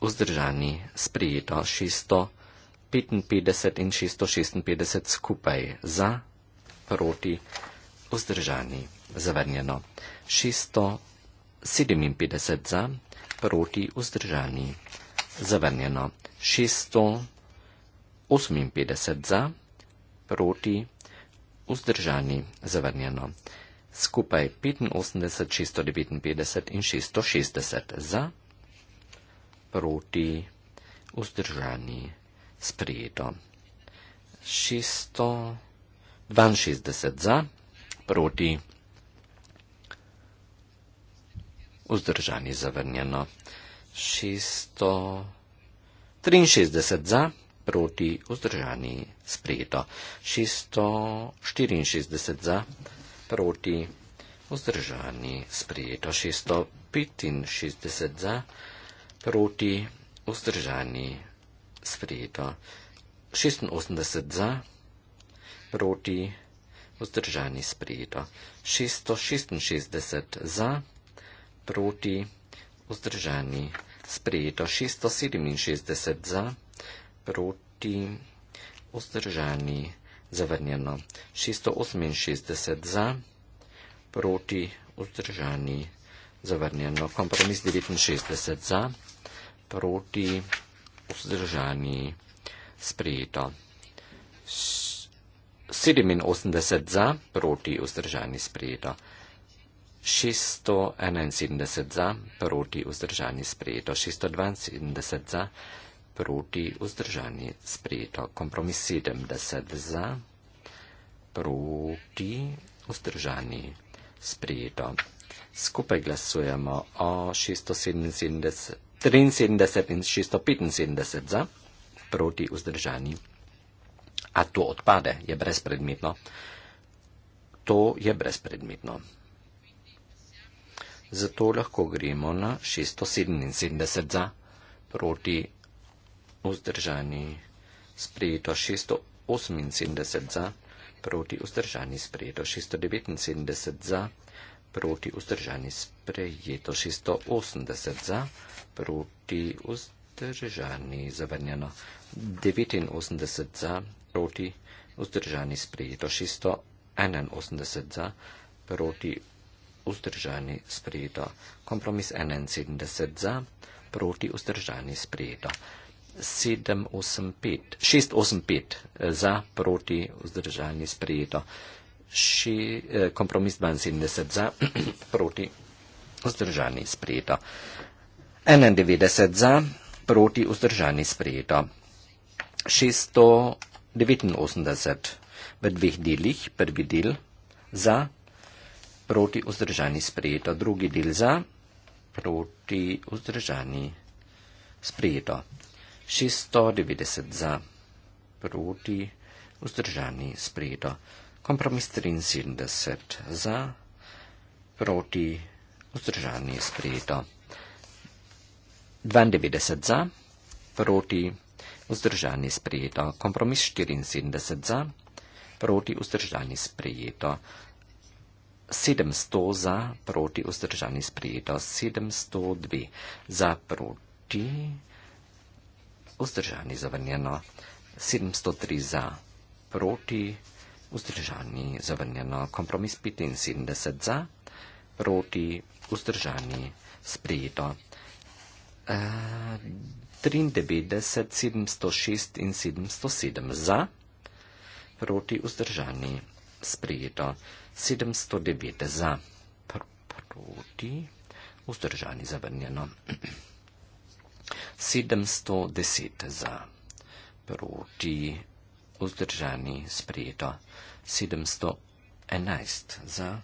vzdržani, sprijeto 655 in 656 skupaj za, proti, vzdržani, zavrnjeno 657 za, proti, vzdržani, zavrnjeno 658 za, proti, vzdržani, zavrnjeno 657 za skupaj 85, 659 in 660 za, proti, vzdržani, sprejeto. 662 za, proti, vzdržani, zavrnjeno. 663 za, proti, vzdržani, sprejeto. 664 za, proti, vzdržani, sprijeto 665 za, proti, vzdržani, sprijeto 86 za, proti, vzdržani, sprijeto 666 za, proti, vzdržani, sprijeto 667 za, proti, vzdržani, sprijeto zavrnjeno. 668 za, proti vzdržani zavrnjeno. Kompromis 69 za, proti vzdržani sprejeto. 87 za, proti vzdržani sprejeto. 671 za, proti vzdržani sprejeto. 672 za, Proti vzdržani sprejeto. Kompromis 70 za, proti vzdržani sprejeto. Skupaj glasujemo o 673 in 675 za, proti vzdržani. A to odpade, je brezpredmetno. To je brezpredmetno. Zato lahko gremo na 677 za, proti vzdržani vzdržani, sprejeto 678 za, proti vzdržani, sprejeto 679 za, proti vzdržani, sprejeto 680 za, proti vzdržani, zavrnjeno 89 za, proti vzdržani, sprejeto 681 za, proti vzdržani, sprejeto kompromis 71 za, proti vzdržani, sprejeto 685 eh, za, proti, vzdržanje sprejeto. Še, eh, kompromis 72 za, proti, vzdržanje sprejeto. 91 za, proti, vzdržanje sprejeto. 689 v dveh delih, prvi del za, proti, vzdržanje sprejeto. Drugi del za, proti, vzdržanje sprejeto. 690 za, proti, vzdržani, sprejeto. Kompromis 73 za, proti, vzdržani, sprejeto. 92 za, proti, vzdržani, sprejeto. Kompromis 74 za, proti, vzdržani, sprejeto. 700 za, proti, vzdržani, sprejeto. 702 za, proti, vzdržani, sprejeto vzdržani zavrnjeno, 703 za proti, vzdržani zavrnjeno, kompromis 75 za proti, vzdržani sprejeto. E, 93, 706 in 707 za, proti vzdržani sprejeto, 709 za, pr proti vzdržani zavrnjeno. 710 za proti vzdržani sprejeto, 711 za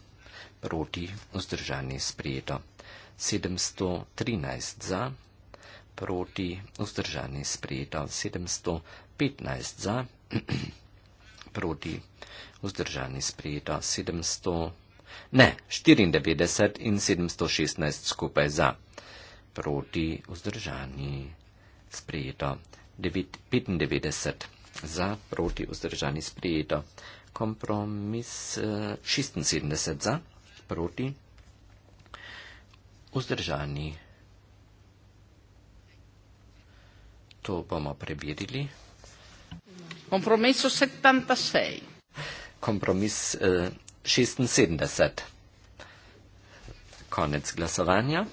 proti vzdržani sprejeto, 713 za proti vzdržani sprejeto, 715 za proti vzdržani sprejeto, 700, ne, 94 in 716 skupaj za proti vzdržani. Sprejeto. 95 za proti vzdržani sprejeto. Kompromis 76 eh, za proti vzdržani. To bomo preverili. Kompromiso 76. Kompromis eh, 76. Konec glasovanja.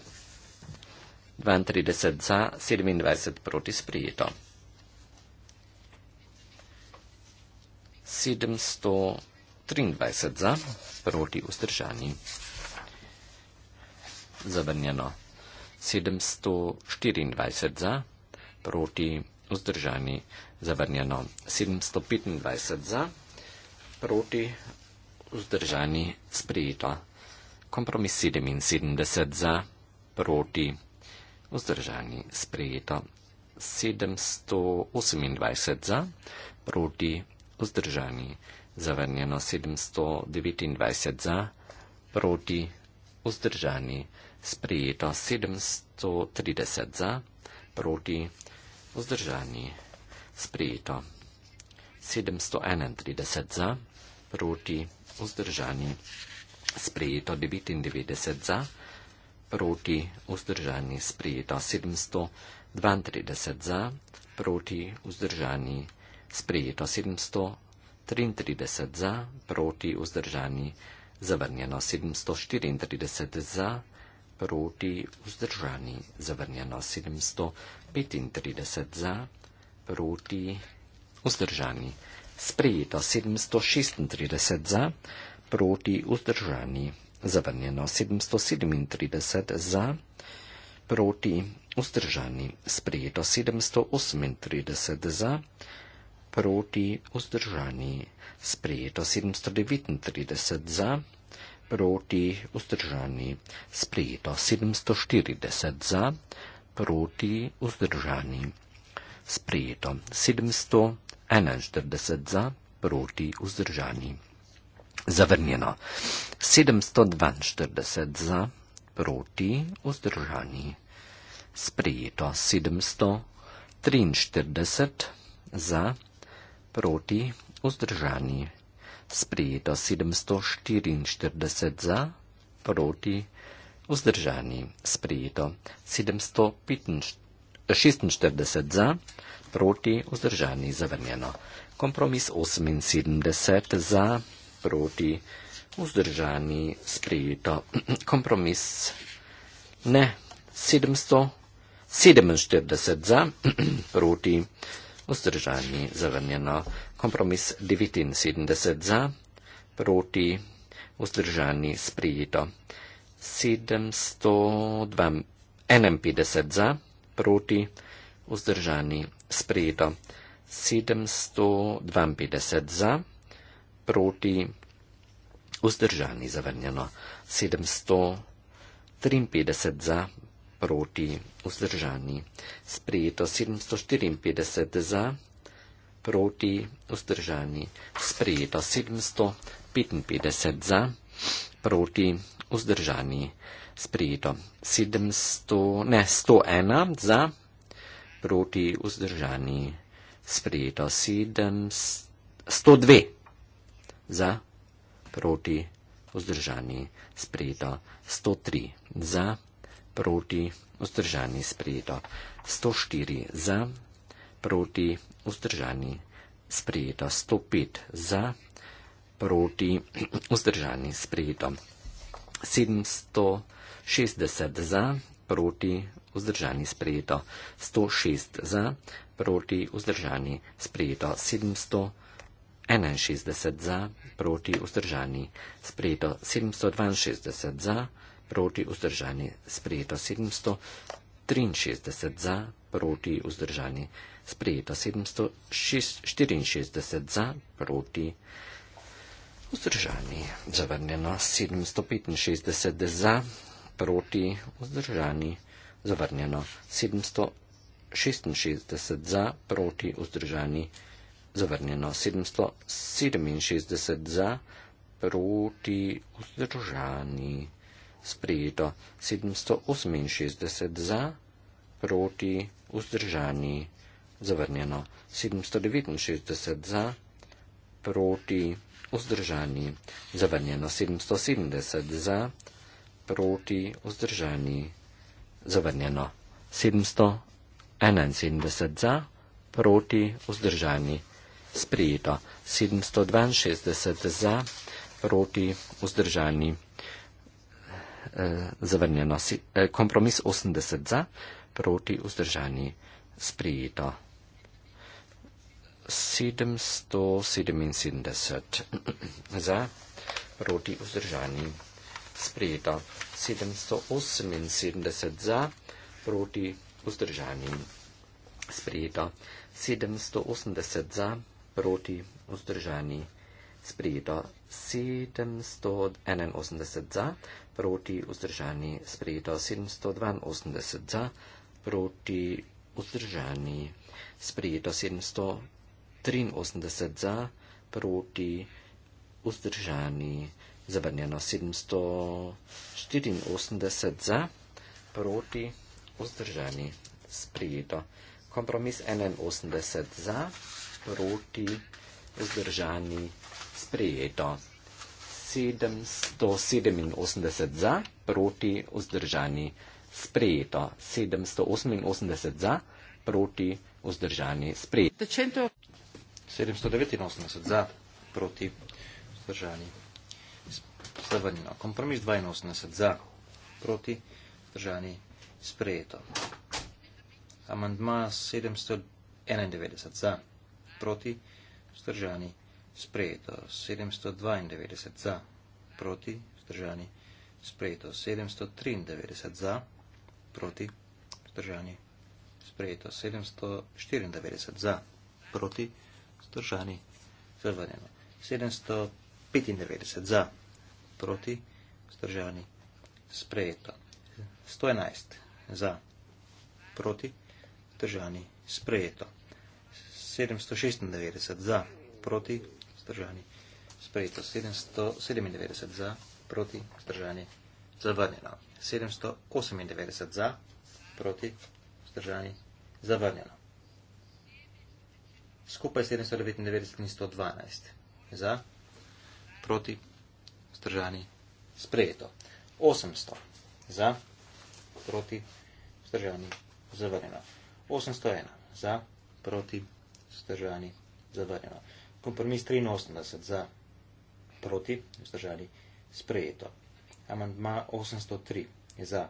32 za, 27 proti sprijeto. 723 za, proti ustržani. Zavrnjeno. 724 za, proti ustržani. Zavrnjeno. 725 za, proti ustržani. Sprijeto. Kompromis 77 za, proti ustržani vzdržani. Sprejeto 728 za, proti vzdržani. Zavrnjeno 729 za, proti vzdržani. Sprejeto 730 za, proti vzdržani. Sprejeto 731 za, proti vzdržani. Sprejeto 99 za, proti vzdržani proti vzdržani sprejeta 732 za, proti vzdržani sprejeto 733 za, proti vzdržani zavrnjeno 734 za, proti vzdržani zavrnjeno 735 za, proti vzdržani sprejeto 736 za, proti vzdržani 735 za zavrnjeno 737 za, proti vzdržani, sprejeto 738 za, proti vzdržani, sprejeto 739 za, proti vzdržani, sprejeto 740 za, proti vzdržani, sprejeto 741 za, proti vzdržani zavrnjeno. 742 za, proti, vzdržani, sprejeto. 743 za, proti, vzdržani, sprejeto. 744 za, proti, vzdržani, sprejeto. 746 za, proti, vzdržani, zavrnjeno. Kompromis 78 za, proti, vzdržani, zavrnjeno nasproti vzdržani sprejeto kompromis. Ne, 747 za, proti vzdržani zavrnjeno kompromis 79 za, proti vzdržani sprejeto 751 za, proti vzdržani sprejeto 752 za, proti vzdržani sprejeto proti vzdržani zavrnjeno, 753 za proti vzdržani, sprejeto 754 za proti vzdržani, sprejeto 755 za proti vzdržani, sprejeto 700, ne, 101 za proti vzdržani, sprejeto 702 za, proti, vzdržani, sprejeto 103 za, proti, vzdržani, sprejeto 104 za, proti, vzdržani, sprejeto 105 za, proti, vzdržani, sprejeto 760 za, proti, vzdržani, sprejeto 106 za, proti, vzdržani, sprejeto 760 za. 61 za, proti vzdržani, sprejeto 762 za, proti vzdržani, sprejeto 763 za, proti vzdržani, sprejeto 764 za, proti vzdržani, zavrnjeno 765 za, proti vzdržani, zavrnjeno 766 za, proti vzdržani, zavrnjeno 766 za, proti vzdržani, zavrnjeno 767 za, proti vzdržani, sprejeto 768 za, proti vzdržani, zavrnjeno 769 za, proti vzdržani, zavrnjeno 770 za, proti vzdržani, zavrnjeno 771 za, proti vzdržani sprejeta 762 za, proti vzdržani eh, zavrnjeno, si, eh, kompromis 80 za, proti vzdržani sprejeta 777 za, proti vzdržani sprejeta 778 za, proti vzdržani sprejeta 780 za, proti vzdržani sprejeta proti vzdržani. Sprejeto 781 za, proti vzdržani. Sprejeto 782 za, proti vzdržani. Sprejeto 783 za, proti vzdržani. Zabrnjeno 784 za, proti vzdržani. Sprejeto. Kompromis 81 za proti, zdržani, sprejeto. 787 za, proti, vzdržani, sprejeto. 788 za, proti, vzdržani, sprejeto. 789 za, proti, vzdržani, zavrnjeno. Kompromis 82 za, proti, vzdržani, sprejeto. Amandma 791 za proti, vzdržani, sprejeto 792 za, proti, vzdržani, sprejeto 793 za, proti, vzdržani, sprejeto 794 za, proti, vzdržani, zavrnjeno 795 za, proti, vzdržani, sprejeto 111 za, proti, vzdržani, sprejeto. 796 za, proti, zdržani, sprejeto 797 za, proti, zdržani, zavrnjeno. 798 za, proti, zdržani, zavrnjeno. Skupaj 799 in 112 za, proti, zdržani, sprejeto. 800 za, proti, zdržani, zavrnjeno. 801 za, proti, zdržani vzdržani, zavrnjeno. Kompromis 83 za proti, vzdržani, sprejeto. Amandma 803 je za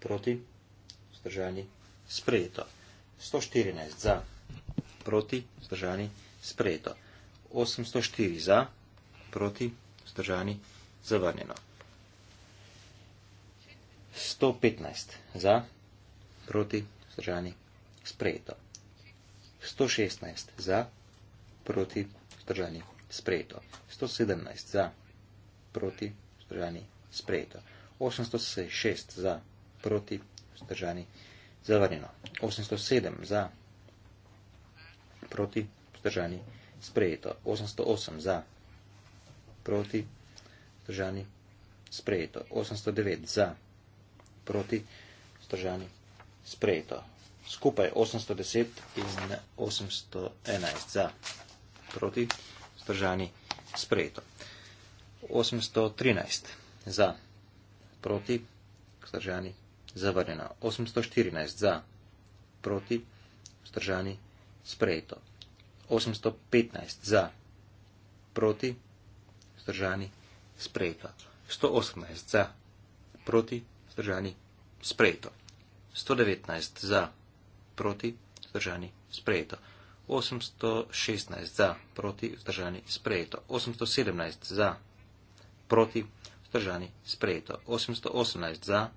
proti, vzdržani, sprejeto. 114 za proti, vzdržani, sprejeto. 804 za proti, vzdržani, zavrnjeno. 115 za proti, vzdržani, sprejeto. 116 za, proti, vzdržani, sprejeto. 117 za, proti, vzdržani, sprejeto. 806 za, proti, vzdržani, zavarjeno. 807 za, proti, vzdržani, sprejeto. 808 za, proti, vzdržani, sprejeto. 809 za, proti, vzdržani, sprejeto skupaj 810 in 811 za proti vzdržani sprejeto. 813 za proti vzdržani zavrnjeno. 814 za proti vzdržani sprejeto. 815 za proti vzdržani sprejeto. 118 za proti vzdržani sprejeto. 119 za proti proti, vzdržani, sprejeto. 816 za, proti, vzdržani, sprejeto. 817 za, proti, vzdržani, sprejeto. 818 za,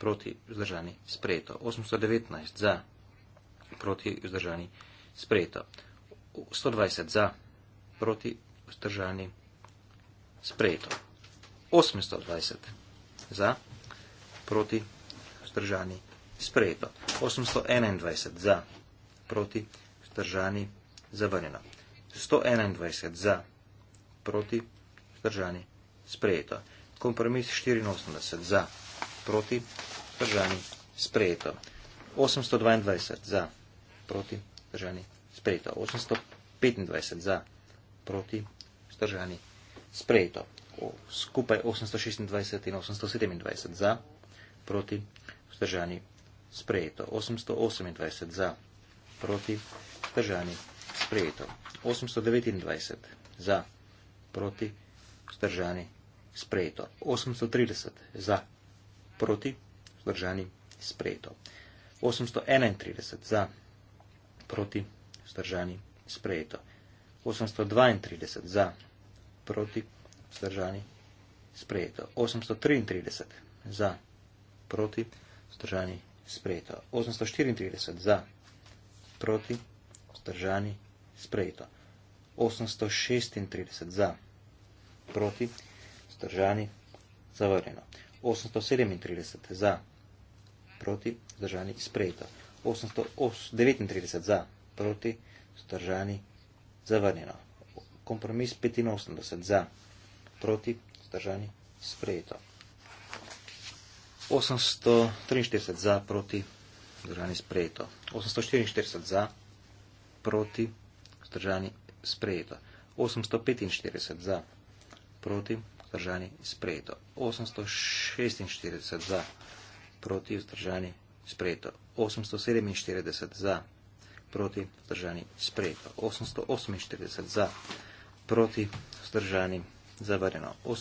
proti, vzdržani, sprejeto. 819 za, proti, vzdržani, sprejeto. 120 za, proti, vzdržani, sprejeto. 820 za, proti, vzdržani, sprejeto sprejeto. 821 za, proti, vzdržani, zavrnjeno. 121 za, proti, vzdržani, sprejeto. Kompromis 84 za, proti, vzdržani, sprejeto. 822 za, proti, vzdržani, sprejeto. 825 za, proti, vzdržani, sprejeto. O, skupaj 826 in 827 za, proti, vzdržani, sprejeto sprejeto, 828 za, proti, vzdržani, sprejeto, 829 za, proti, vzdržani, sprejeto, 830 za, proti, vzdržani, sprejeto, 831 za, proti, vzdržani, sprejeto, 832 za, proti, vzdržani, sprejeto, 833 za, proti, vzdržani, sprejeto sprejeto. 834 za, proti, vzdržani, sprejeto. 836 za, proti, vzdržani, zavrjeno. 837 za, proti, vzdržani, sprejeto. 839 za, proti, vzdržani, zavrjeno. Kompromis 85 za, proti, vzdržani, sprejeto. 843 za, proti, vzdržani sprejeto. 844 za, proti, vzdržani sprejeto. 845 za, proti, vzdržani sprejeto. 846 za, proti, vzdržani sprejeto. 847 za, proti, vzdržani sprejeto. 848 za, proti, vzdržani zavarjeno. 849 za,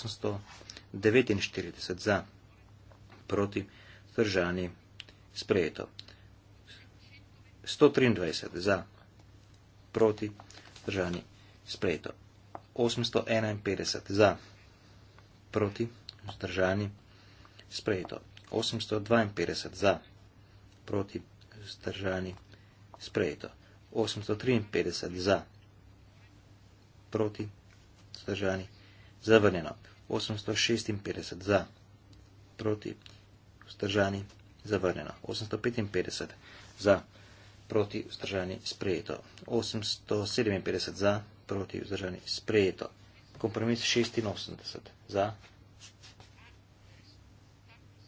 proti, vzdržani sprejeto proti stržani sprejeto. 123 za proti stržani sprejeto. 851 za proti stržani sprejeto. 852 za proti stržani sprejeto. 853 za proti stržani zavrnjeno. 856 za proti stržani sprejeto proti, vzdržani, zavrnjeno. 855 za, proti, vzdržani, sprejeto. 857 za, proti, vzdržani, sprejeto. Kompromis 86 za,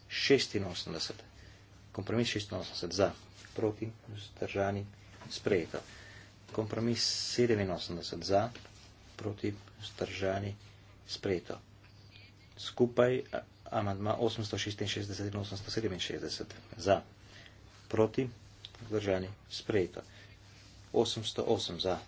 86, kompromis 86 za, proti, vzdržani, sprejeto. Kompromis 87 za, proti, vzdržani, sprejeto. Skupaj amandma 866 in 867 za, proti, vzdržani, sprejeta. 808 za,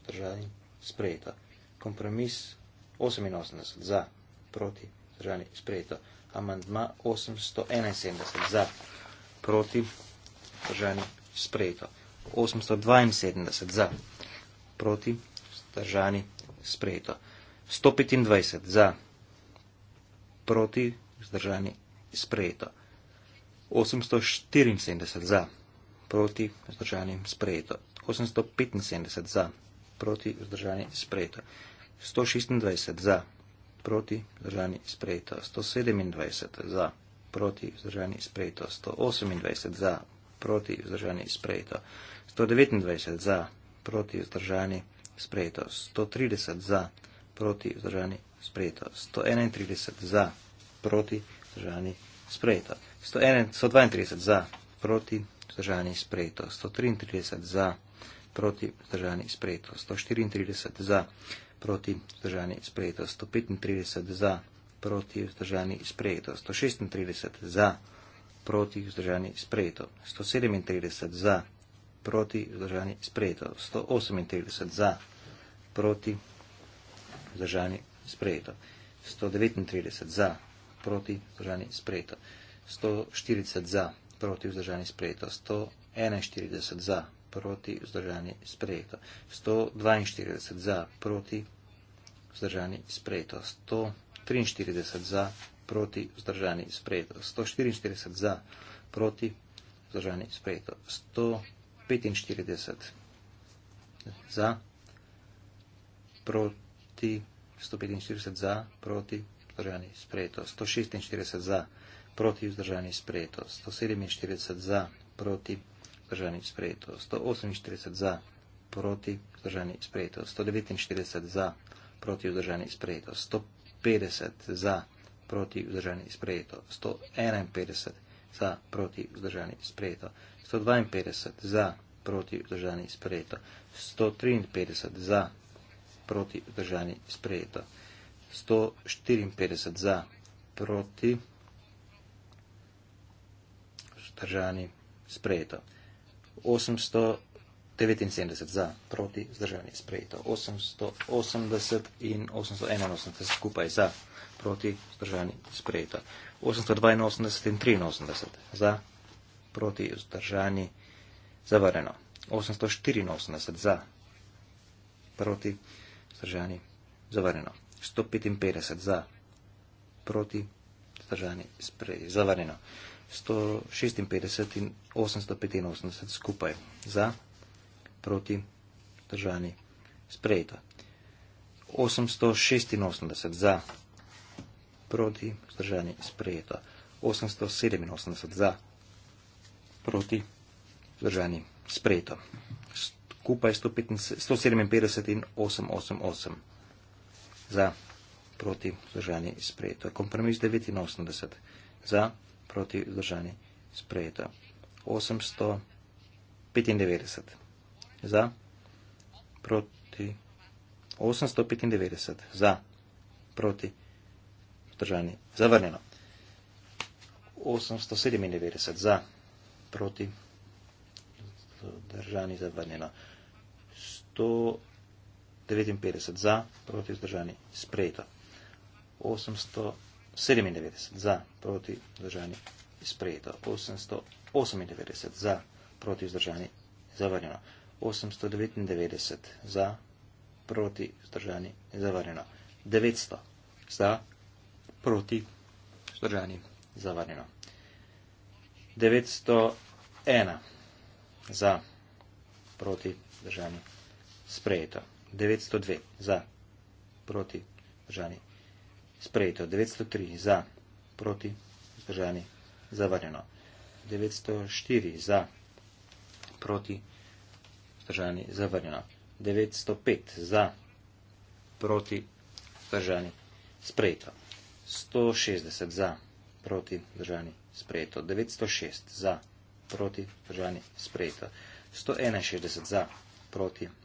vzdržani, sprejeta. Kompromis 88 za, proti, vzdržani, sprejeta. Amandma 871 za, proti, vzdržani, sprejeta. 872 za, proti, vzdržani, sprejeta. 125 za, proti, vzdržani, sprejeta proti, vzdržani, sprejeto. 874 za, proti, vzdržani, sprejeto. 875 za, proti, vzdržani, sprejeto. 126 za, proti, vzdržani, sprejeto. 127 za, proti, vzdržani, sprejeto. 128 za, proti, vzdržani, sprejeto. 129 za, proti, vzdržani, sprejeto. 130 za, proti, vzdržani, sprejeto proti, vzdržani, sprejeto. 131 za, proti, vzdržani, sprejeto. 132 za, proti, vzdržani, sprejeto. 133 za, proti, vzdržani, sprejeto. 134 za, proti, vzdržani, sprejeto. 135 za, proti, vzdržani, sprejeto. 136 za, proti, vzdržani, sprejeto. 137 za, proti, vzdržani, sprejeto. 138 za, proti, vzdržani, sprejeto zdržani sprejeto. 139 za, proti, vzdržani sprejeto. 140 za, proti, vzdržani sprejeto. 141 za, proti, vzdržani sprejeto. 142 za, proti, vzdržani sprejeto. 143 za, proti, vzdržani sprejeto. 144 za, proti, vzdržani sprejeto. 145 za, proti, proti, 145 za, proti, vzdržani sprejeto, 146 za, proti, vzdržani sprejeto, 147 za, proti, vzdržani sprejeto, 148 za, proti, vzdržani sprejeto, 149 za, proti, vzdržani sprejeto, 150 za, proti, vzdržani sprejeto, 151 za, proti, vzdržani sprejeto, 152 za, proti, vzdržani sprejeto, 153 za, proti, proti držani sprejeto. 154 za proti zdržani sprejeto. 879 za proti zdržani sprejeto. 880 in 881 skupaj za proti zdržani sprejeto. 882 in 83 za proti zdržani zavareno. 884 za proti zdržani sprejeto. Zdržani. Zavarjeno. 155 za. Proti. Zdržani. Sprej. Zavarjeno. 156 in 885 skupaj. Za. Proti. Zdržani. Sprejeto. 886 za. Proti. Zdržani. Sprejeto. 887 za. Proti. Zdržani. Sprejeto skupaj 157 in 888. Za, proti, zdržanje, sprejeto. Kompromis 89. Za, proti, zdržanje, sprejeto. 895. Za, proti, 895. Za, proti, zdržanje, zavrnjeno. 897. Za, proti, zdržanje, zavrnjeno. 159 za, proti zdržani sprejeto. 897 za, proti zdržani sprejeto. 898 za, proti zdržani zavarjeno. 899 za, proti zdržani zavarjeno. 900 za, proti zdržani zavarjeno. 901 za, proti zdržani zavarjeno sprejeto. 902 za, proti, zdržani. Sprejeto. 903 za, proti, zdržani. Zavrnjeno. 904 za, proti, zdržani. Zavrnjeno. 905 za, proti, zdržani. Sprejeto. 160 za, proti, zdržani. Sprejeto. 906 za, proti, zdržani. Sprejeto. 161 za, proti, zdržani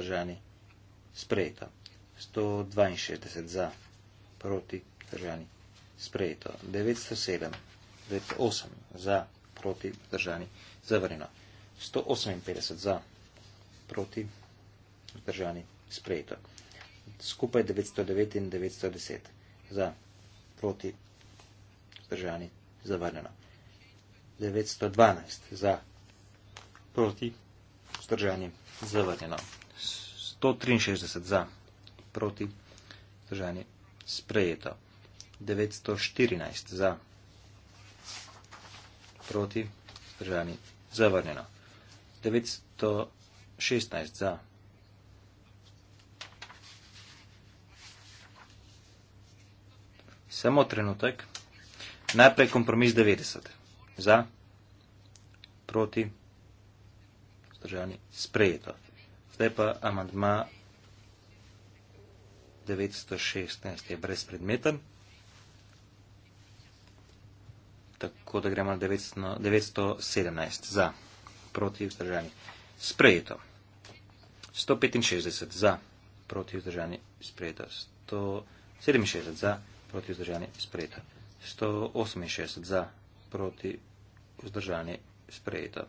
vzdržani, sprejeto. 162 za, proti vzdržani, sprejeto. 907, 908 za, proti vzdržani, zavrnjeno. 158 za, proti vzdržani, sprejeto. Skupaj 909 in 910 za, proti vzdržani, zavrnjeno. 912 za, proti vzdržani, zavrnjeno. 163 za, proti vzdržanje sprejeto, 914 za, proti vzdržanje zavrnjeno, 916 za, samo trenutek, najprej kompromis 90 za, proti vzdržanje sprejeto, Zdaj pa amantma 916 je brezpredmeten. Tako da gremo na 917 za, proti vzdržani, sprejeto. 165 za, proti vzdržani, sprejeto. 167 za, proti vzdržani, sprejeto. 168 za, proti vzdržani, sprejeto. 169 za, proti vzdržani, sprejeto.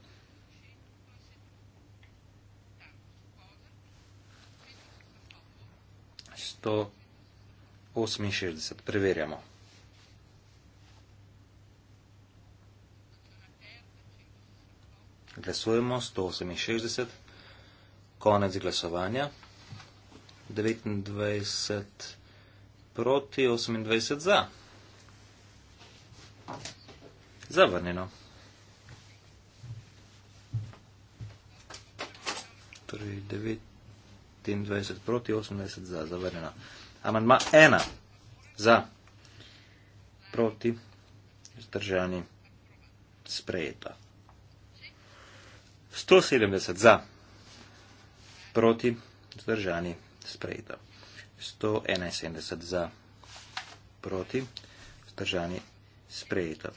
168. Preverjamo. Glasujemo 168. Konec glasovanja. 29 proti 28 za. Zavrnjeno. Torej 9 25 proti 18 za zavrnjena. Amandma 1 za proti zdržani sprejeta. 170 za proti zdržani sprejeta. 171 za proti zdržani sprejeta.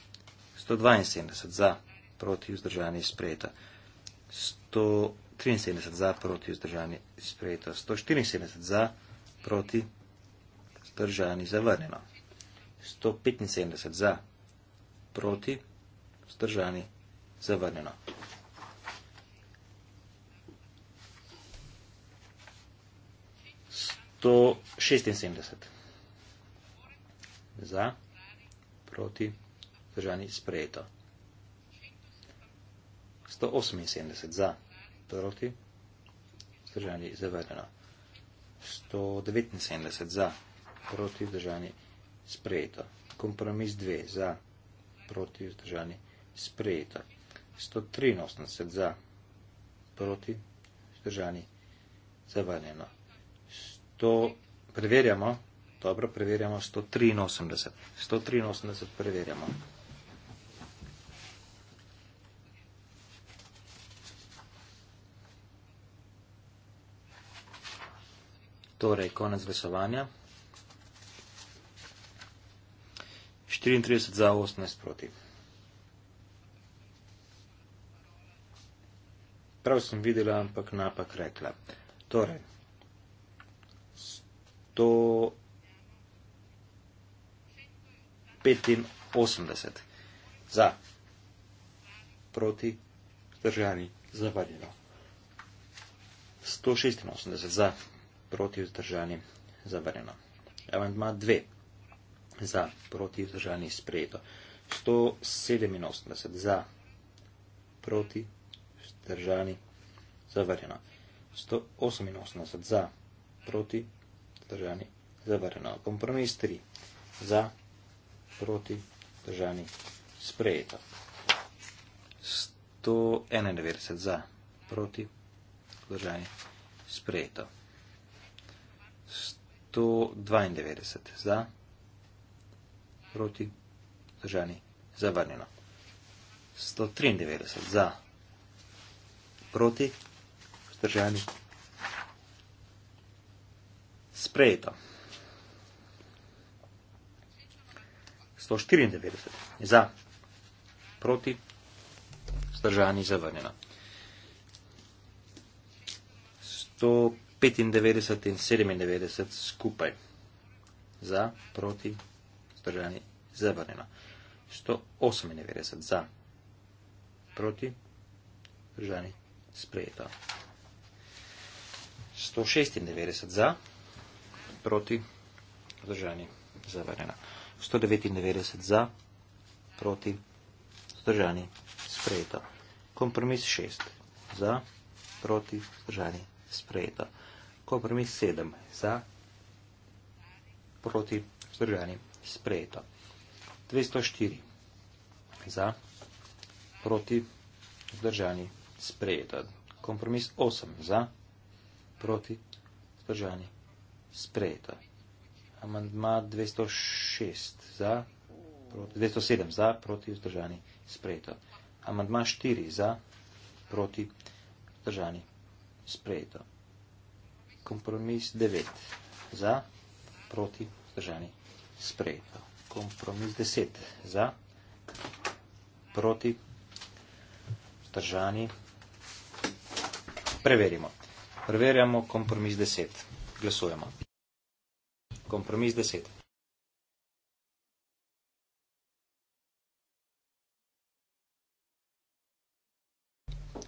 172 za proti vzdržani sprejeta. 100 73 za, proti vzdržani, sprejeto 174 za, proti vzdržani, zavrnjeno. 175 za, proti vzdržani, zavrnjeno. Sto šestinsedemdeset za, proti, zdržani, sprejeto. Sto oseminsedemdeset za proti, vzdržani zavedeno. 179 za, proti, vzdržani sprejeto. Kompromis 2 za, proti, vzdržani sprejeto. 183 za, proti, vzdržani zavedeno. 100, preverjamo, dobro, preverjamo 183. 183 preverjamo. Torej, konec glasovanja. 34 za 18 proti. Prav sem videla, ampak napak rekla. Torej, 185 za, proti, zdržani, zavarjeno. 186 za proti vzdržani zavrnjeno. Amandma 2 za proti vzdržani sprejeto. 187 za proti vzdržani zavrnjeno. 188 za proti vzdržani zavrnjeno. Kompromis 3 za proti vzdržani sprejeto. 191 za proti vzdržani sprejeto. 192 za, proti, zdržani, zavrnjeno. 193 za, proti, zdržani, sprejeto. 194 za, proti, zdržani, zavrnjeno. 100 95 in 97 skupaj. Za, proti, zdržani, zavrnjeno. 198 za, proti, zdržani, sprejeto. 196 za, proti, zdržani, zavrnjeno. 199 za, proti, zdržani, sprejeto. Kompromis 6 za, proti, zdržani, sprejeto kopremi 7 za proti vzdržanim sprejeto. 204 za proti vzdržanim sprejeto. Kompromis 8 za proti vzdržanim sprejeto. Amandma 206 za proti, 207 za proti vzdržanim sprejeto. Amandma 4 za proti vzdržanim sprejeto. Kompromis 9. Za, proti, zdržani, sprejeto. Kompromis 10. Za, proti, zdržani, preverimo. Preverjamo kompromis 10. Glasujemo. Kompromis 10.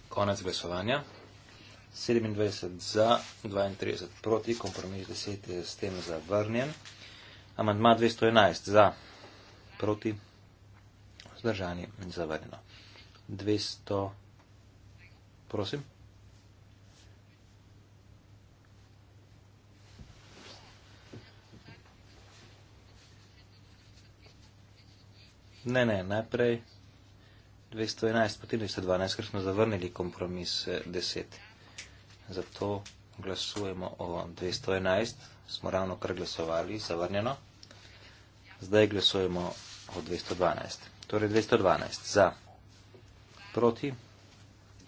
Konec glasovanja. 27 za, 32 proti, kompromis 10 je s tem zavrnjen. Amandma 211 za, proti, zdržani in zavrnjeno. 200, prosim. Ne, ne, najprej 211, potem 212, ker smo zavrnili kompromis 10. Eh, zato glasujemo o 211. Smo ravno kar glasovali, zavrnjeno. Zdaj glasujemo o 212. Torej 212 za, proti,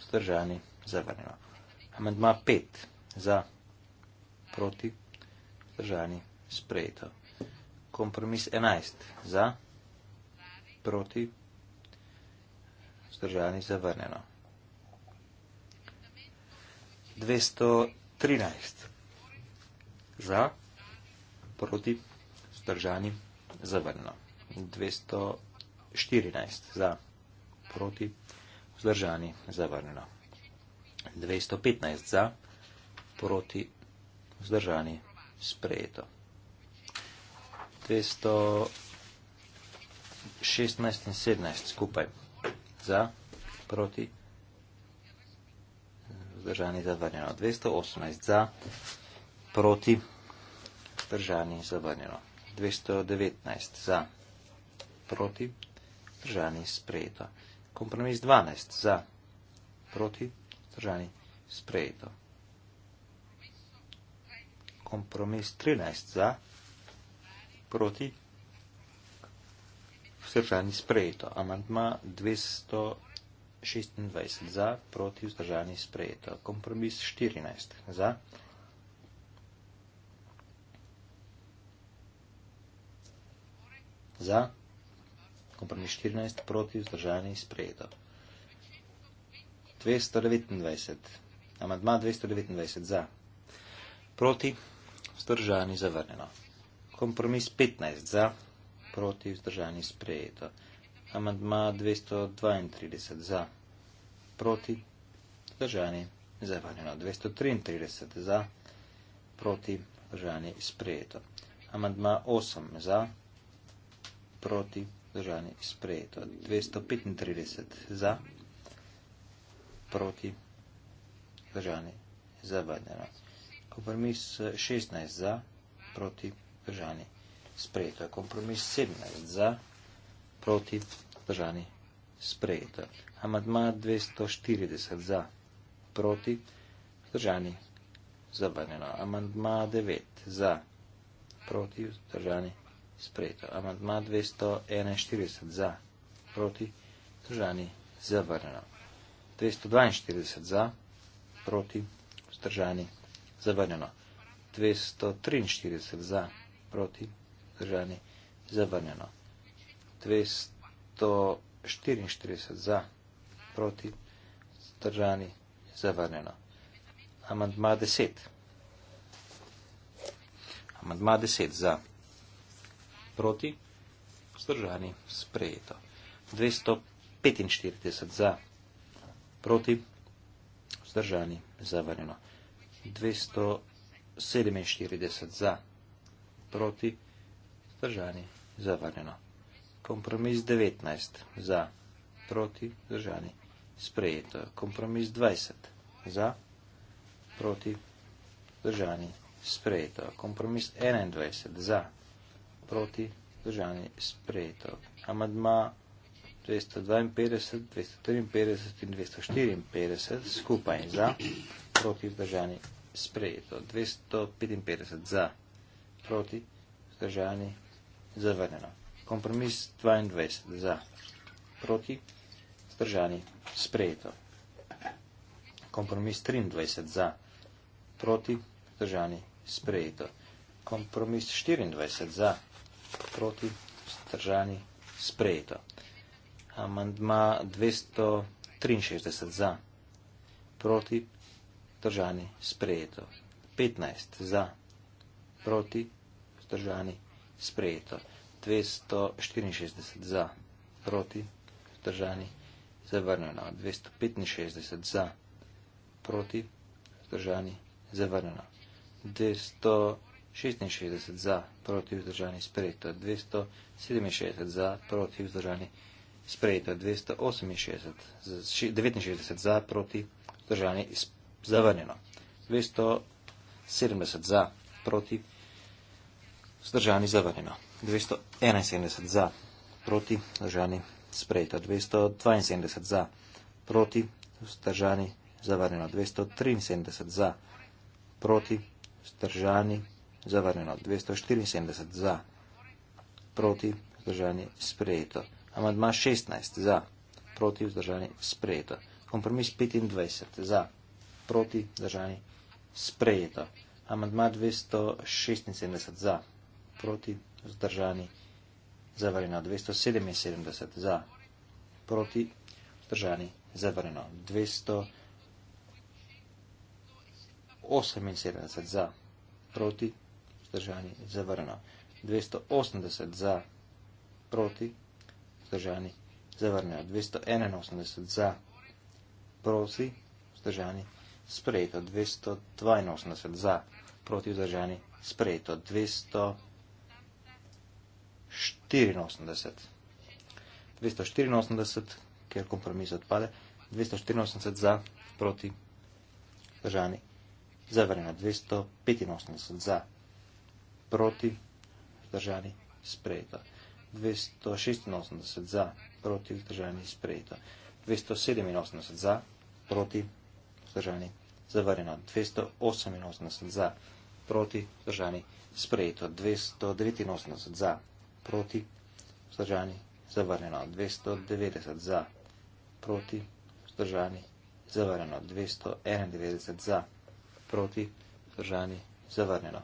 zdržani, zavrnjeno. Amendma 5 za, proti, zdržani, sprejeto. Kompromis 11 za, proti, zdržani, zavrnjeno. 213. Za, proti, zdržani, zavrno. 214. Za, proti, zdržani, zavrno. 215. Za, proti, zdržani, sprejeto. 216 in 17 skupaj. Za, proti, zdržani vzdržani, zavrnjeno 218 za, proti vzdržani, zavrnjeno 219 za, proti vzdržani, sprejeto. Kompromis 12 za, proti vzdržani, sprejeto. Kompromis 13 za, proti vzdržani, sprejeto. Amantma 219. 26 za, proti vzdržani sprejeto. Kompromis 14 za. Za. Kompromis 14 proti vzdržani sprejeto. 229. Amadma 229 za. Proti vzdržani zavrnjeno. Kompromis 15 za, proti vzdržani sprejeto. Amandma 232 za, proti, vzdržani, zavarjeno 233 za, proti, vzdržani, sprejeto. Amandma 8 za, proti, vzdržani, sprejeto 235 za, proti, vzdržani, zavarjeno. Kompromis 16 za, proti, vzdržani, sprejeto. Kompromis 17 za, proti, vzdržani, sprejeto proti, držani, sprejeta. Amadma 240 za, proti, držani, zavrnjeno. Amadma 9 za, proti, držani, sprejeta. Amadma 241 za, proti, držani, zavrnjeno. 242 za, proti, držani, zavrnjeno. 243 za, proti, držani, zavrnjeno. 244 za, proti, zdržani, zavrnjeno. Amandma 10. Amandma 10 za, proti, zdržani, sprejeto. 245 za, proti, zdržani, zavrnjeno. 247 za, proti, zdržani, zavrnjeno kompromis 19 za, proti, držani, sprejeto je, kompromis 20 za, proti, držani, sprejeto je, kompromis 21 za, proti, držani, sprejeto je, amadma 252, 253 in 254 skupaj za, proti, držani, sprejeto, 255 za, proti, držani, zavrnjeno. Kompromis 22. Za. Proti. Zdržani. Sprejeto. Kompromis 23. Za. Proti. Zdržani. Sprejeto. Kompromis 24. Za. Proti. Zdržani. Sprejeto. Amandma 263. Za. Proti. Zdržani. Sprejeto. 15. Za. Proti. Zdržani. Sprejeto. 15. 264 za, proti, zdržani, zavrnjeno, 265 za, proti, zdržani, zavrnjeno, 266 za, proti, zdržani, sprejeto, 267 za, proti, zdržani, sprejeto, 269 za, proti, zdržani, zavrnjeno, 270 za, proti, zdržani, zavrnjeno. 271 za, proti, zdržani, sprejeto. 272 za, proti, zdržani, zavrnjeno. 273 za, proti, zdržani, zavrnjeno. 274 za, proti, zdržani, sprejeto. Amandma 16 za, proti, zdržani, sprejeto. Kompromis 25 za, proti, zdržani, sprejeto. Amandma 276 za, proti, vzdržani, zavarjeno 277 za, proti, vzdržani, zavarjeno 278 za, proti, vzdržani, zavarjeno 280 za, proti, vzdržani, zavarjeno 281 za, proti, vzdržani, sprejeto 282 za, proti, vzdržani, sprejeto 200. 284. 284, ker kompromis odpade, 284 za proti držani, zavrnjena, 285 za proti držani, sprejeto, 286 za proti držani, sprejeto, 287 za proti držani, zavrnjena, 288 za proti držani, sprejeto, 289 za proti držani, proti, vzdržani, zavrnjeno, 290 za, proti, vzdržani, zavrnjeno, 291 za, proti, vzdržani, zavrnjeno.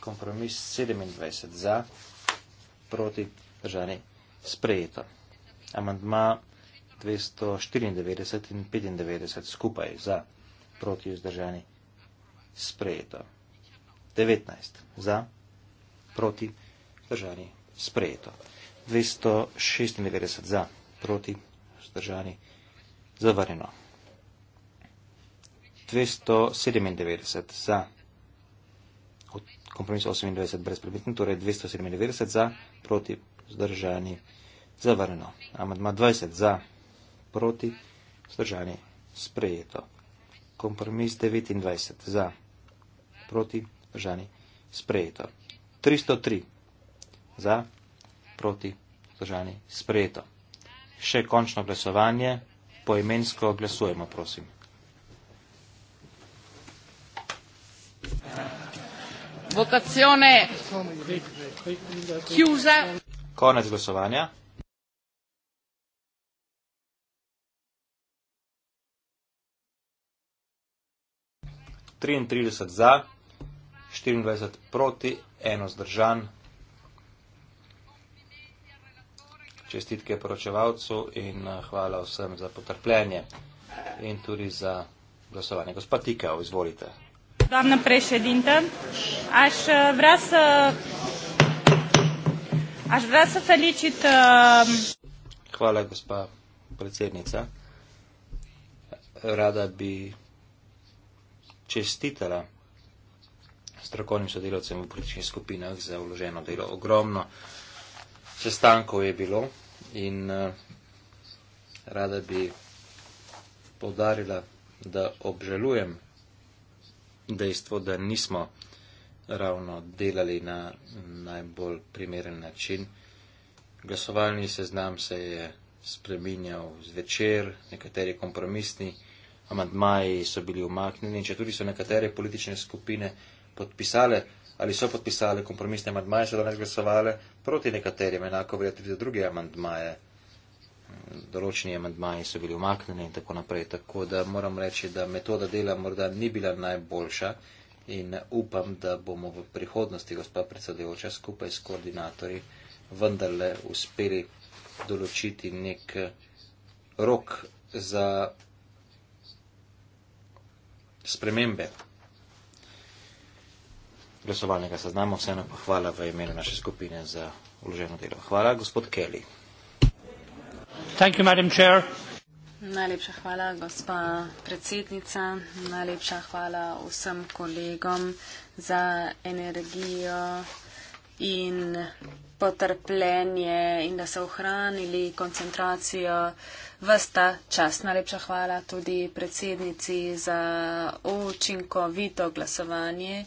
Kompromis 27 za, proti, vzdržani, sprejeto. Amandma 294 in 95 skupaj za, proti, vzdržani, sprejeto. 19 za, proti, vzdržani, vzdržani sprejeto. 296 za, proti, vzdržani, zavarjeno. 297 za, od kompromisa 28 brez predmetni, torej 297 za, proti, vzdržani, zavarjeno. Amadma 20 za, proti, vzdržani, sprejeto. Kompromis 29 za, proti, vzdržani, sprejeto. 303 za za, proti, zdržani, sprejeto. Še končno glasovanje, poimensko glasujemo, prosim. Votacione chiusa. Konec glasovanja. Trinajst za, štiriindvajset proti, eno zdržan. čestitke poročevalcu in eh, hvala vsem za potrpljenje in tudi za glasovanje. Gospa Tikao, izvolite. Vam naprej še Dinta. Aš eh, vras... Se... Aš vras se feličit... Eh, hvala, gospa predsednica. Rada bi čestitala strokovnim sodelovcem v političnih skupinah za uloženo delo. Ogromno sestankov je bilo in uh, rada bi povdarila, da obžalujem dejstvo, da nismo ravno delali na najbolj primeren način. Glasovalni seznam se je spreminjal zvečer, nekateri kompromisni amandmaji so bili umaknjeni, če tudi so nekatere politične skupine podpisale ali so podpisali kompromisne amandmaje, so danes glasovali proti nekaterim, enako verjetno tudi za druge amandmaje. Mm, določeni amandmaji so bili umaknjeni in tako naprej. Tako da moram reči, da metoda dela morda ni bila najboljša in upam, da bomo v prihodnosti, gospa predsedujoča, skupaj s koordinatorji vendarle uspeli določiti nek eh, rok za spremembe glasovalnega seznama. Vseeno pa hvala v imenu naše skupine za uloženo delo. Hvala, gospod Kelly. You, najlepša hvala, gospa predsednica. Najlepša hvala vsem kolegom za energijo in potrpljenje in da so ohranili koncentracijo vsta čas. Najlepša hvala tudi predsednici za učinkovito glasovanje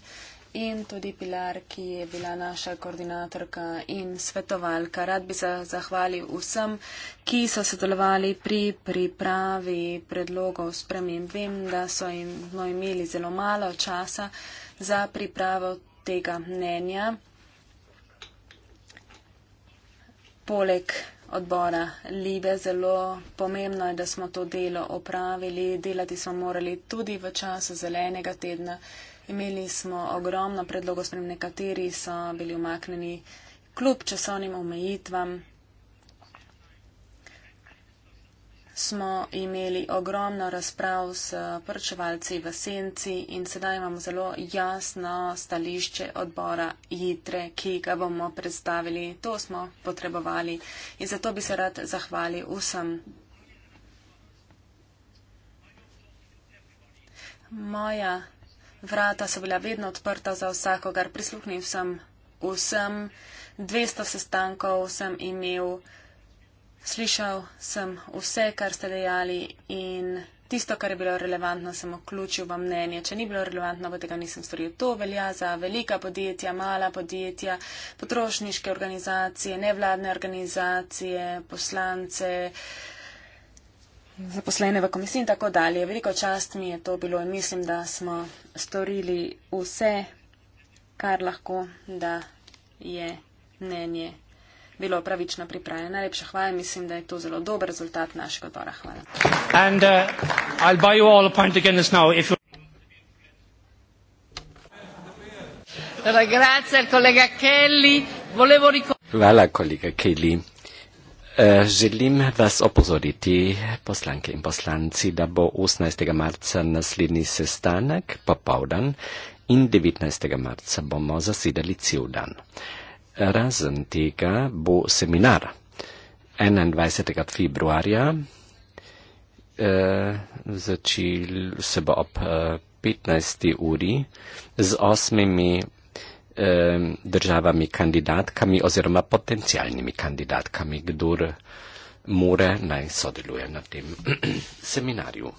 in tudi Pilar, ki je bila naša koordinatorka in svetovalka. Rad bi se zahvalil vsem, ki so sodelovali pri pripravi predlogov spremem. Vem, da so im, imeli zelo malo časa za pripravo tega mnenja. Poleg odbora Libe zelo pomembno je, da smo to delo opravili. Delati smo morali tudi v času zelenega tedna. Imeli smo ogromno predlogov, sprem nekateri so bili umaknjeni kljub časovnim omejitvam. Smo imeli ogromno razprav s prčevalci v senci in sedaj imamo zelo jasno stališče odbora jitre, ki ga bomo predstavili. To smo potrebovali in zato bi se rad zahvalil vsem. Moja vrata so bila vedno odprta za vsakogar, prisluhnil sem vsem, 200 sestankov sem imel, slišal sem vse, kar ste dejali in tisto, kar je bilo relevantno, sem vključil v mnenje. Če ni bilo relevantno, bo tega nisem storil. To velja za velika podjetja, mala podjetja, potrošniške organizacije, nevladne organizacije, poslance. Uh, zaposlene v komisiji in tako dalje. Veliko čast mi je to bilo in mislim, da smo storili vse, kar lahko, da je mnenje bilo pravično pripravljeno. Najlepša hvala, mislim, da je to zelo dober rezultat našega odbora. Hvala. And, uh, Ragazzi, il collega Kelly, volevo ricordare. Hvala, collega Kelly. Eh, želim vas opozoriti, poslanke in poslanci, da bo 18. marca naslednji sestanek, popovdan, in 19. marca bomo zasedali cel dan. Razen tega bo seminar 21. februarja, eh, začel se bo ob eh, 15. uri z osmimi državami kandidatkami oziroma potencijalnimi kandidatkami, kdor more naj sodeluje na tem seminarju.